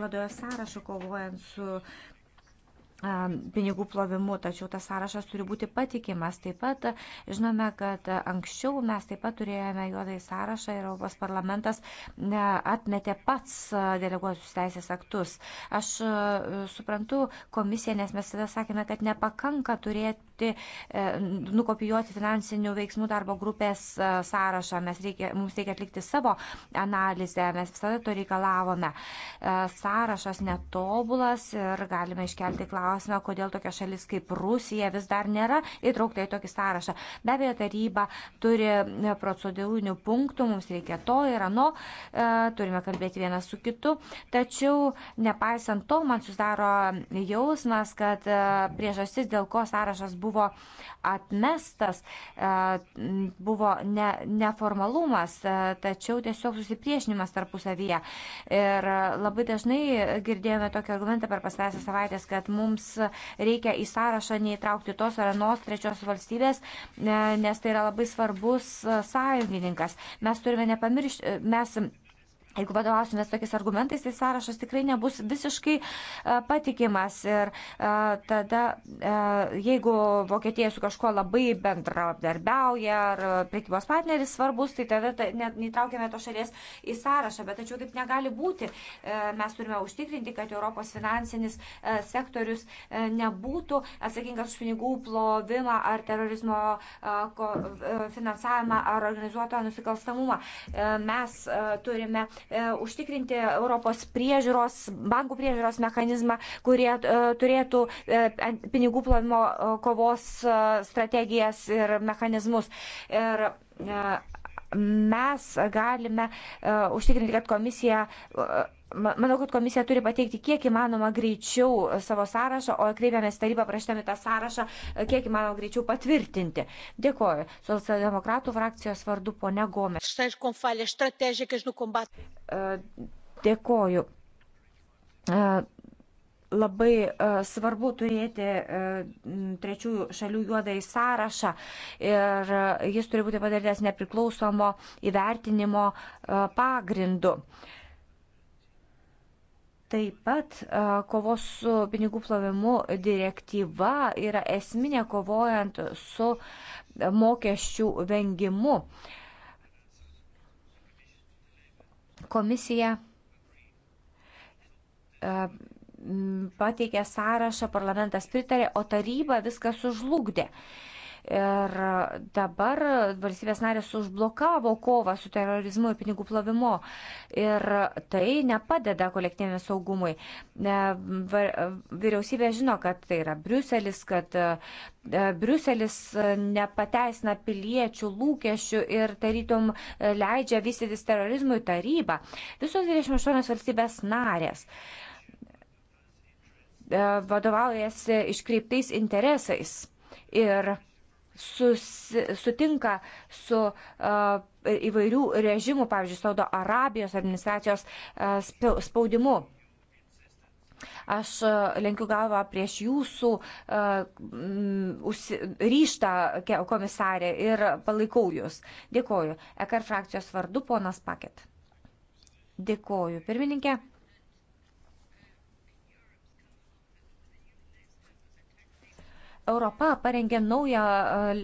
juodojo sąrašo kovojant su pinigų plovimu, tačiau tas sąrašas turi būti patikimas. Taip pat žinome, kad anksčiau mes taip pat turėjome juodai sąrašą ir Europos parlamentas atmetė pats deleguotus teisės aktus. Aš suprantu komisiją, nes mes visada sakėme, kad nepakanka turėti, e, nukopijuoti finansinių veiksmų darbo grupės sąrašą. Reikia, mums reikia atlikti savo analizę, mes visada to reikalavome. E, sąrašas netobulas ir galime iškelti klausimą klausimą, kodėl tokia šalis kaip Rusija vis dar nėra įtraukta į tokį sąrašą. Be abejo, taryba turi procedūrinių punktų, mums reikia to ir ano, e, turime kalbėti vienas su kitu, tačiau nepaisant to, man susidaro jausmas, kad e, priežastis, dėl ko sąrašas buvo atmestas, e, buvo ne, neformalumas, tačiau tiesiog susipriešinimas tarpusavyje. Ir labai dažnai girdėjome tokį argumentą per pastarąsią savaitę, kad mums mums reikia į sąrašą neįtraukti tos ar anos trečios valstybės, e, nes tai yra labai svarbus e, sąjungininkas. Mes turime nepamiršti, e, mes Jeigu vadovausimės tokiais argumentais, tai sąrašas tikrai nebus visiškai e, patikimas. Ir e, tada, e, jeigu Vokietija su kažkuo labai bendradarbiauja ar prekybos partneris svarbus, tai tada net neįtraukėme to šalies į sąrašą. Bet tačiau taip negali būti. Mes turime užtikrinti, kad Europos finansinis sektorius nebūtų atsakingas už pinigų plovimą ar terorizmo finansavimą ar organizuotą nusikalstamumą. Mes turime E, užtikrinti Europos priežiūros, bankų priežiūros mechanizmą, kurie e, turėtų e, pinigų plovimo kovos strategijas ir mechanizmus. Ir mes galime užtikrinti, kad komisija Manau, kad komisija turi pateikti kiek įmanoma greičiau savo sąrašą, o kreipiamės tarybą prašydami tą sąrašą kiek įmanoma greičiau patvirtinti. Dėkoju. Socialdemokratų frakcijos vardu ponia Gome. Nu e, dėkoju. E, labai e, svarbu turėti trečiųjų šalių juodai sąrašą ir jis turi būti padarytas nepriklausomo įvertinimo pagrindu. Taip pat kovos su pinigų plovimu direktyva yra esminė kovojant su mokesčių vengimu. Komisija pateikė sąrašą, parlamentas pritarė, o taryba viską sužlugdė. Uh, Ir dabar valstybės narės užblokavo kovą su terorizmu ir pinigų plovimu. Ir tai nepadeda kolektyviniam saugumui. Vyriausybė žino, kad tai yra Briuselis, kad e, Briuselis nepateisina piliečių lūkesčių ir tarytum leidžia vystytis terorizmui tarybą. Visos 28 valstybės narės e, vadovaujasi iškreiptais interesais. Ir susi, sutinka su uh, įvairių režimų, pavyzdžiui, Saudo Arabijos administracijos uh, spaudimu. Aš lenkiu galvą prieš jūsų uh, ryštą, komisarė, ir palaikau jūs. Dėkoju. Ekar frakcijos vardu, ponas Paket. Dėkoju. Pirmininkė. Europa parengė naują e,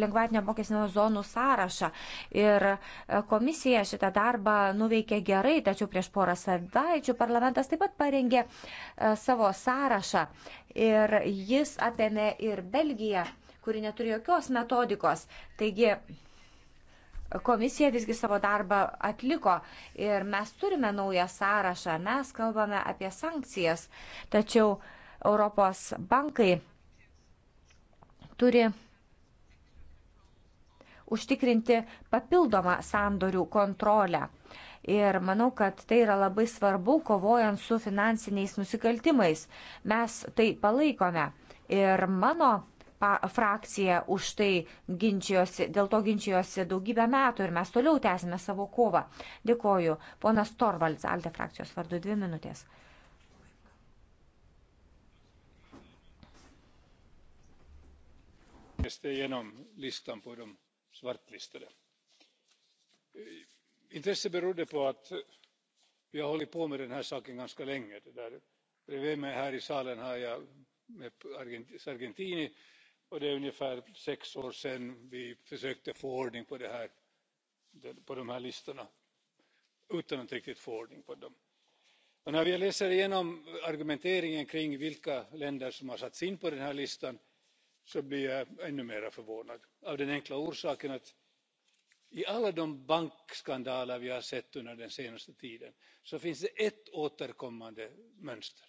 lengvatinio apmokestinimo zonų sąrašą ir e, komisija šitą darbą nuveikė gerai, tačiau prieš porą savaičių parlamentas taip pat parengė e, savo sąrašą ir jis apėmė ir Belgiją, kuri neturi jokios metodikos. Taigi, komisija visgi savo darbą atliko ir mes turime naują sąrašą, mes kalbame apie sankcijas, tačiau Europos bankai turi užtikrinti papildomą sandorių kontrolę. Ir manau, kad tai yra labai svarbu, kovojant su finansiniais nusikaltimais. Mes tai palaikome. Ir mano frakcija už tai ginčijosi, dėl to ginčijosi daugybę metų ir mes toliau tęsime savo kovą. Dėkoju. Ponas Torvalds, Alde frakcijos vardu, dvi minutės. läste igenom listan på de svartlistade. intresset berodde på att vi har hållit på med den här saken ganska länge. bredvid mig här i salen har jag sargentini och det är ungefär sex år sedan vi försökte få ordning på de här listorna utan att riktigt få ordning på dem. när jag läser igenom argumenteringen kring vilka länder som har satts in på den här listan så blir jag ännu mer förvånad av den enkla orsaken att i alla de bankskandaler vi har sett under den senaste tiden finns det ett återkommande mönster.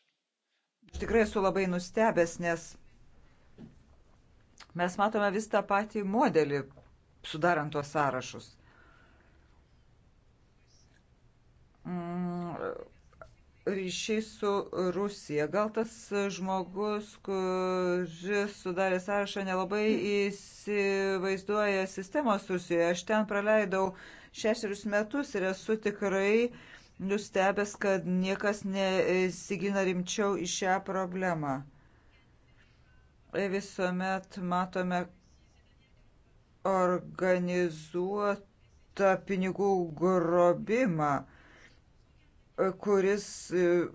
Aš tikrai esu labai nustebęs, nes mes matome vis tą patį modelį sudarant tuos sąrašus. ryšiai su Rusija. Gal tas žmogus, kuris sudarė sąrašą, nelabai įsivaizduoja sistemos Rusijoje. Aš ten praleidau šešerius metus ir esu tikrai nustebęs, kad niekas nesigina rimčiau į šią problemą. Visuomet matome organizuotą pinigų grobimą kuris e,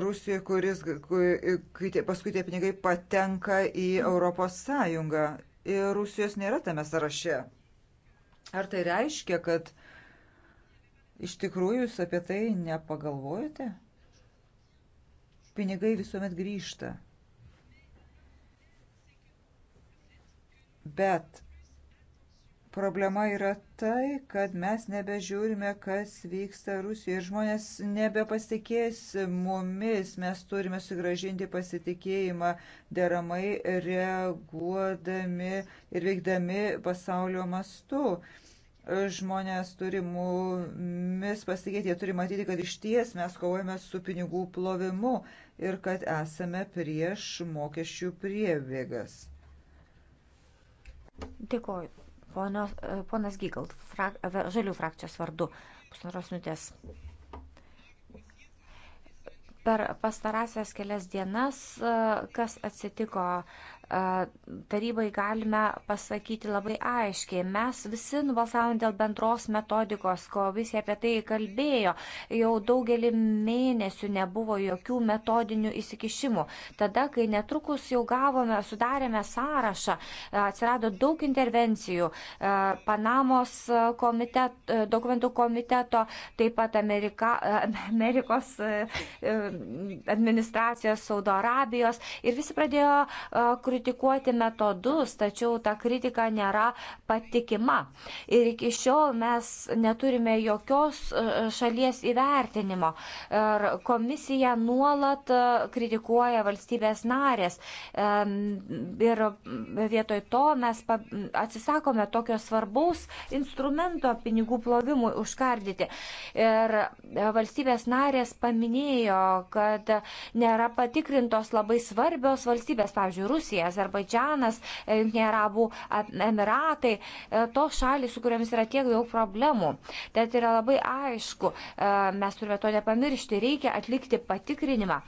Rusijoje, kuris, kai tie, paskui tie pinigai patenka į Europos Sąjungą. Ir Rusijos nėra tame sąraše. Ar tai reiškia, kad iš tikrųjų jūs apie tai nepagalvojate? Pinigai visuomet grįžta. Bet Problema yra tai, kad mes nebežiūrime, kas vyksta Rusijoje ir žmonės nebepasitikės mumis. Mes turime sugražinti pasitikėjimą deramai reaguodami ir veikdami pasaulio mastu. Žmonės turi mumis pasitikėti, jie turi matyti, kad iš ties mes kovojame su pinigų plovimu ir kad esame prieš mokesčių prievėgas. Dėkoju. Pono, ponas Gygalt, frak, žalių frakcijos vardu, pusantros minutės. Per pastarąsias kelias dienas, kas atsitiko tarybai galime pasakyti labai aiškiai. Mes visi nubalsavom dėl bendros metodikos, komisija apie tai kalbėjo. Jau daugelį mėnesių nebuvo jokių metodinių įsikišimų. Tada, kai netrukus jau gavome, sudarėme sąrašą, atsirado daug intervencijų. Panamos komitet, dokumentų komiteto, taip pat Amerika, Amerikos administracijos, Saudo Arabijos ir visi pradėjo kritikuoti metodus, tačiau ta kritika nėra patikima. Ir iki šiol mes neturime jokios e, šalies įvertinimo. Ir komisija nuolat e, kritikuoja valstybės narės. Ir vietoj to mes atsisakome tokio svarbaus instrumento pinigų plovimui užkardyti. Ir valstybės narės paminėjo, kad nėra patikrintos labai svarbios valstybės, pavyzdžiui, Rusija. Gruzija, Azerbaidžianas, e, Junktiniai Arabų Emiratai, e, tos šalis, su kuriamis yra tiek daug problemų. Tad yra labai aišku, e, mes turime to nepamiršti, reikia atlikti patikrinimą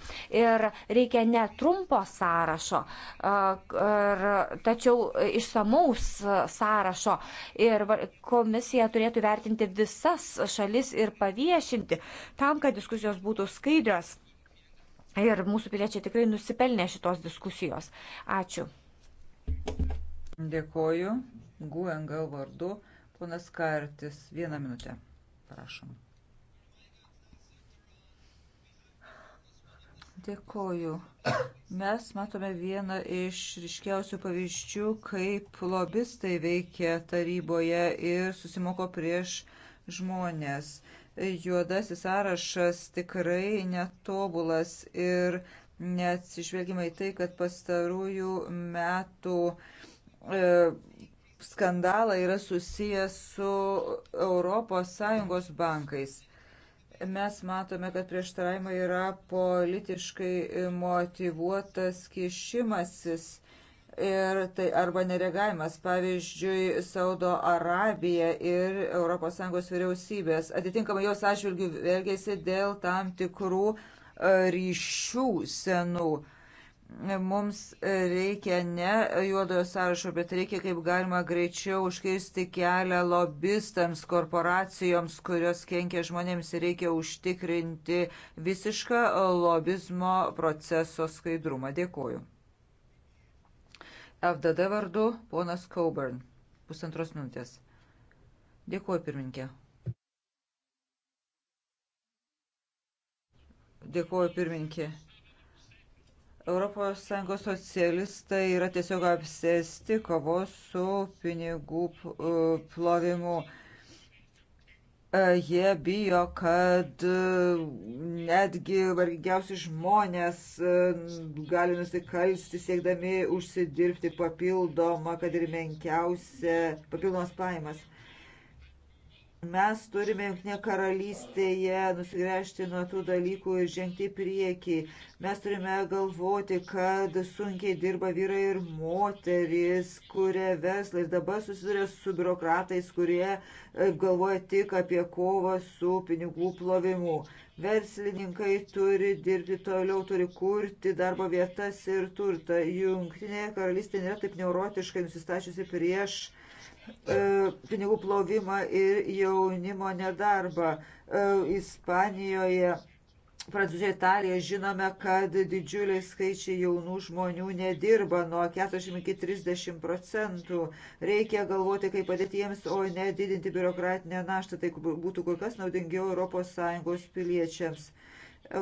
ir reikia netrumpo sąrašo, ir, tačiau išsamaus sąrašo ir komisija turėtų vertinti visas šalis ir paviešinti tam, kad diskusijos būtų skaidrios Ir mūsų piliečiai tikrai nusipelnė šitos diskusijos. Ačiū. Dėkoju. Guengel vardu. Ponas Kartis, vieną minutę. Prašom. Dėkoju. Mes matome vieną iš ryškiausių pavyzdžių, kaip lobistai veikia taryboje ir susimoko prieš žmonės juodasis sąrašas tikrai netobulas ir neatsižvelgimai tai, kad pastarųjų metų e, skandalai yra susijęs su ES bankais. Mes matome, kad prieštaravimai yra politiškai motivuotas kišimasis ir tai arba nereagavimas, pavyzdžiui, Saudo Arabija ir ES vyriausybės atitinkamai jos atžvilgių elgėsi dėl tam tikrų e, ryšių senų. Mums reikia ne juodojo sąrašo, bet reikia kaip galima greičiau užkirsti kelią lobistams, korporacijoms, kurios kenkia žmonėms ir reikia užtikrinti visišką lobizmo proceso skaidrumą. Dėkuoju. FDD vardu ponas Coburn. Pusantros minutės. Dėkuoju, pirminkė. Dėkuoju, pirminkė. ES socialistai yra tiesiog apsėsti kovos su pinigų plovimu. Uh, E, jie bijo, kad e, netgi vargiausi žmonės e, gali nusikalsti siekdami užsidirbti papildomą, kad ir menkiausią papildomas pajamas. Mes turime Junktinė karalystėje nusigręžti nuo tų dalykų ir žengti į priekį. Mes turime galvoti, kad sunkiai dirba vyrai ir moteris, kurie verslą ir dabar susiduria su biurokratais, kurie e, galvoja tik apie kovą su pinigų plovimu. Verslininkai turi dirbti toliau, turi kurti darbo vietas ir turtą. Junktinė karalystė nėra taip neurotiškai nusistačiusi prieš E, pinigų plovimą ir jaunimo nedarbą. E, Ispanijoje, Prancūzijoje, Italijoje žinome, kad didžiuliai skaičiai jaunų žmonių nedirba nuo 40 iki 30 procentų. Reikia galvoti, kaip padėti jiems, o ne didinti biurokratinę naštą. Tai būtų kur kas naudingiau ES piliečiams.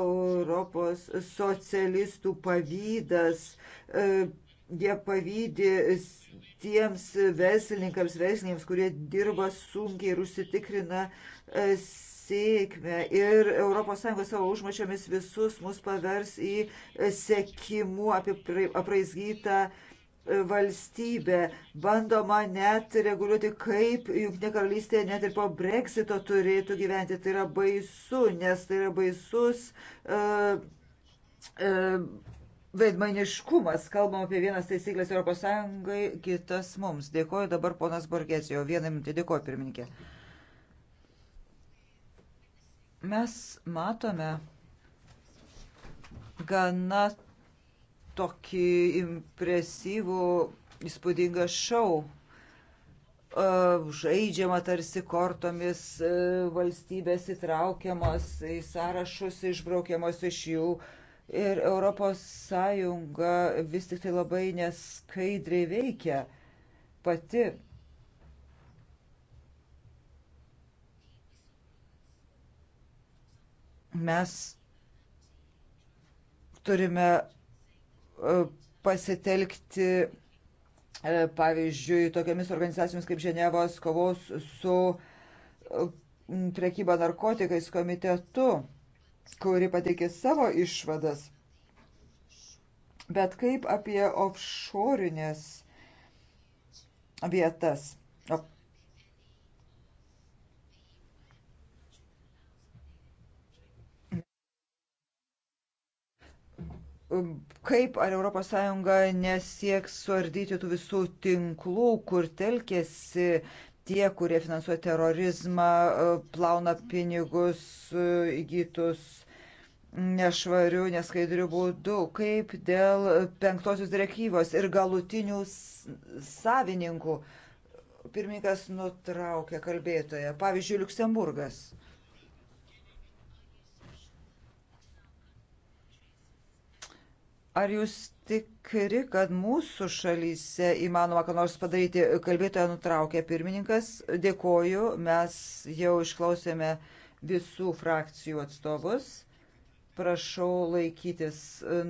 Europos socialistų pavydas. E, jie pavydė tiems verslininkams, verslininkams, kurie dirba sunkiai ir užsitikrina e, sėkmę. Ir ES savo užmačiomis visus mus pavers į e, sekimų apraizgytą e, valstybė, bandoma net reguliuoti, kaip Junktinė karalystė net ir po breksito turėtų gyventi. Tai yra baisu, nes tai yra baisus. Uh, e, uh, e, Veidmaniškumas, kalbam apie vienas taisyklės ES, kitas mums. Dėkoju dabar ponas Borgesijo. Vieną minutę dėkoju, pirmininkė. Mes matome gana tokį impresyvų, įspūdingą šau. E, žaidžiama tarsi kortomis, e, valstybės įtraukiamos į sąrašus, išbraukiamos iš jų ir Europos Sąjunga vis tik tai labai neskaidriai veikia pati. Mes turime e, pasitelkti, e, pavyzdžiui, tokiamis organizacijomis kaip Ženevos kovos su e, prekyba narkotikais komitetu kuri pateikė savo išvadas. Bet kaip apie offshore'inės vietas? kaip ar ES nesieks suardyti tų visų tinklų, kur telkėsi tie, kurie finansuoja terorizmą, e, plauna pinigus e, įgytus nešvarių, neskaidrių būdų, kaip dėl penktosios direktyvos ir galutinių savininkų. Pirmininkas nutraukė kalbėtoją. Pavyzdžiui, Luksemburgas. Ar jūs tikri, kad mūsų šalyse įmanoma ką nors padaryti? Kalbėtoja nutraukė pirmininkas. Dėkoju, mes jau išklausėme visų frakcijų atstovus. Prašau laikytis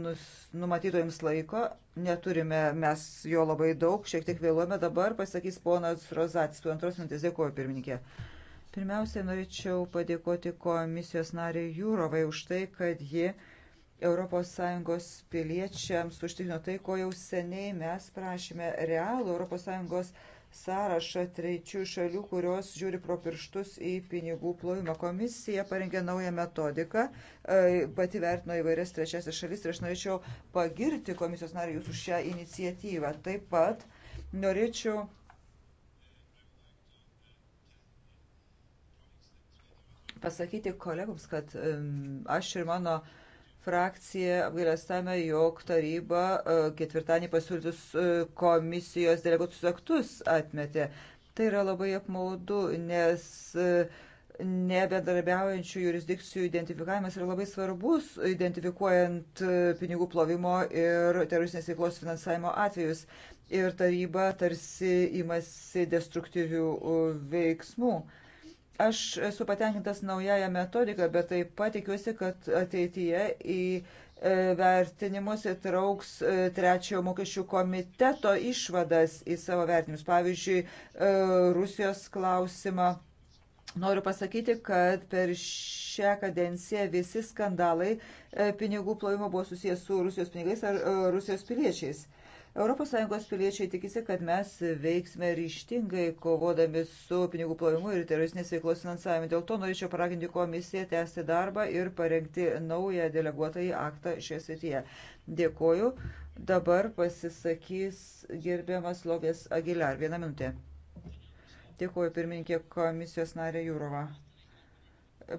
nus, numatytojams laiko. Neturime mes jo labai daug, šiek tiek vėluojame. Dabar pasakys ponas Rozatis. Tu antros mintis dėkoju, pirmininkė. Pirmiausiai norėčiau padėkoti komisijos nariai Jūrovai už tai, kad ji. Jie ES piliečiams užtikrino tai, ko jau seniai mes prašėme realų ES sąrašą trečių šalių, kurios žiūri pro pirštus į pinigų plovimą. Komisija parengė naują metodiką, e, pati vertino įvairias trečiasias šalis ir aš norėčiau pagirti komisijos narį jūsų šią iniciatyvą. Taip pat norėčiau. Pasakyti kolegoms, kad um, aš ir mano uh, frakcija apgailestame, jog taryba e, ketvirtadienį pasiūlytus e, komisijos deleguotus aktus atmetė. Tai yra labai apmaudu, nes e, nebedarbiaujančių jurisdikcijų identifikavimas yra labai svarbus, identifikuojant pinigų plovimo ir teroristinės veiklos finansavimo atvejus. Ir taryba tarsi imasi destruktyvių veiksmų. Uh, Aš esu patenkintas naująją metodiką, bet taip pat tikiuosi, kad ateityje į e, vertinimus įtrauks e, trečiojo mokesčių komiteto išvadas į savo vertinimus. Pavyzdžiui, e, Rusijos klausimą. Noriu pasakyti, kad per šią kadenciją visi skandalai pinigų plovimo buvo susijęs su Rusijos pinigais ar Rusijos piliečiais. ES piliečiai tikisi, kad mes veiksime ryštingai kovodami su pinigų plovimu ir teroristinės veiklos finansavimu. Dėl to norėčiau paraginti komisiją tęsti darbą ir parengti naują deleguotąjį aktą šioje srityje. Dėkoju. Dabar pasisakys gerbiamas Logės Agiliar. Vieną minutę. Dėkoju pirmininkė komisijos narė Jūrova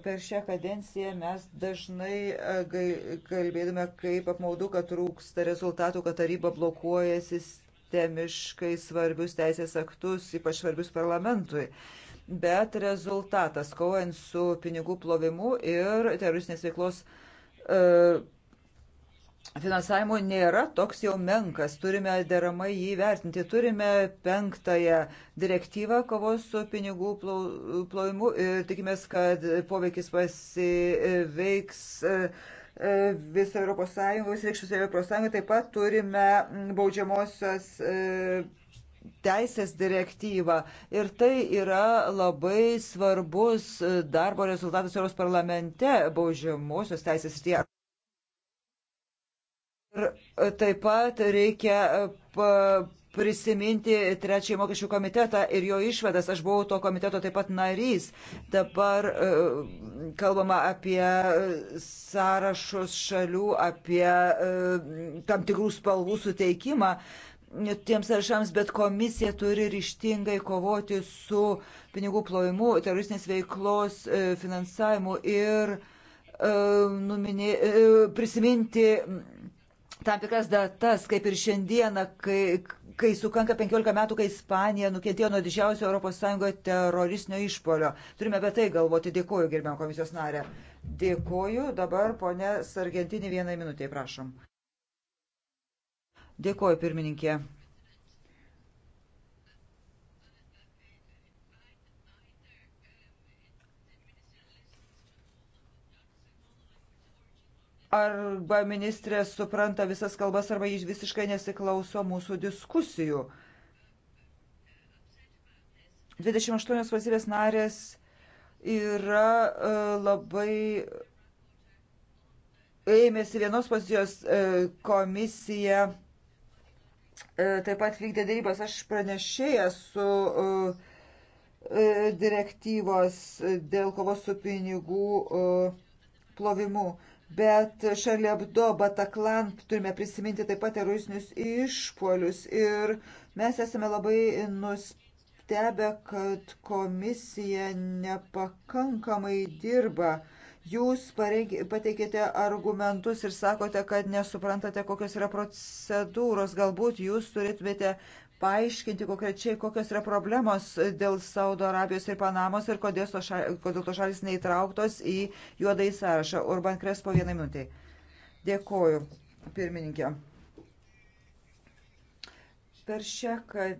per šią kadenciją mes dažnai e, kalbėdame, kaip apmaudu, kad trūksta rezultatų, kad taryba blokuoja sistemiškai svarbius teisės aktus, ypač svarbius parlamentui. Bet rezultatas, kovojant su pinigų plovimu ir teroristinės veiklos uh, finansavimo nėra toks jau menkas, turime deramai jį vertinti. Turime penktąją direktyvą kovos su pinigų plovimu ir tikimės, kad poveikis pasiveiks e, e, visą Europos Sąjungą, visą reikščius Europos Sąjungą. Taip pat turime baudžiamosios e, teisės direktyvą. Ir tai yra labai svarbus darbo rezultatas Europos parlamente baudžiamosios teisės srityje. Ir e, taip pat reikia e, prisiminti trečiąjį mokesčių komitetą ir jo išvadas. Aš buvau to komiteto taip pat narys. Dabar e, kalbama apie sąrašus šalių, apie tam tikrų spalvų suteikimą tiems sąrašams, bet komisija turi ryštingai kovoti su pinigų plovimu, teroristinės veiklos finansavimu ir numinė, prisiminti tam tikras datas, kaip ir šiandieną, kai, kai sukanka 15 metų, kai Ispanija nukentėjo nuo didžiausio ES teroristinio išpolio. Turime apie tai galvoti. Dėkuoju, gerbiam komisijos narė. Dėkuoju. Dabar, ponė Sargentinė, vienai minutiai, prašom. Dėkuoju, pirmininkė. arba ministrė supranta visas kalbas, arba jis visiškai nesiklauso mūsų diskusijų. 28 valstybės narės yra e, labai ėmėsi vienos pozicijos e, komisija, e, taip pat vykdė darybas. Aš pranešėjęs su direktyvos dėl kovos su pinigų plovimu. Bet šalia Abdo Bataklan turime prisiminti taip pat teroristinius išpolius ir mes esame labai nustebę, kad komisija nepakankamai dirba. Jūs pateikėte argumentus ir sakote, kad nesuprantate, kokios yra procedūros. Galbūt jūs turėtumėte paaiškinti konkrečiai, kokios yra problemos dėl Saudo Arabijos ir Panamos ir kodėl to, šal, kodėl to šalis neįtrauktos į juodai sąrašą. Urban Krespo vienai minutiai. Dėkoju, pirmininkė. Per šią, kad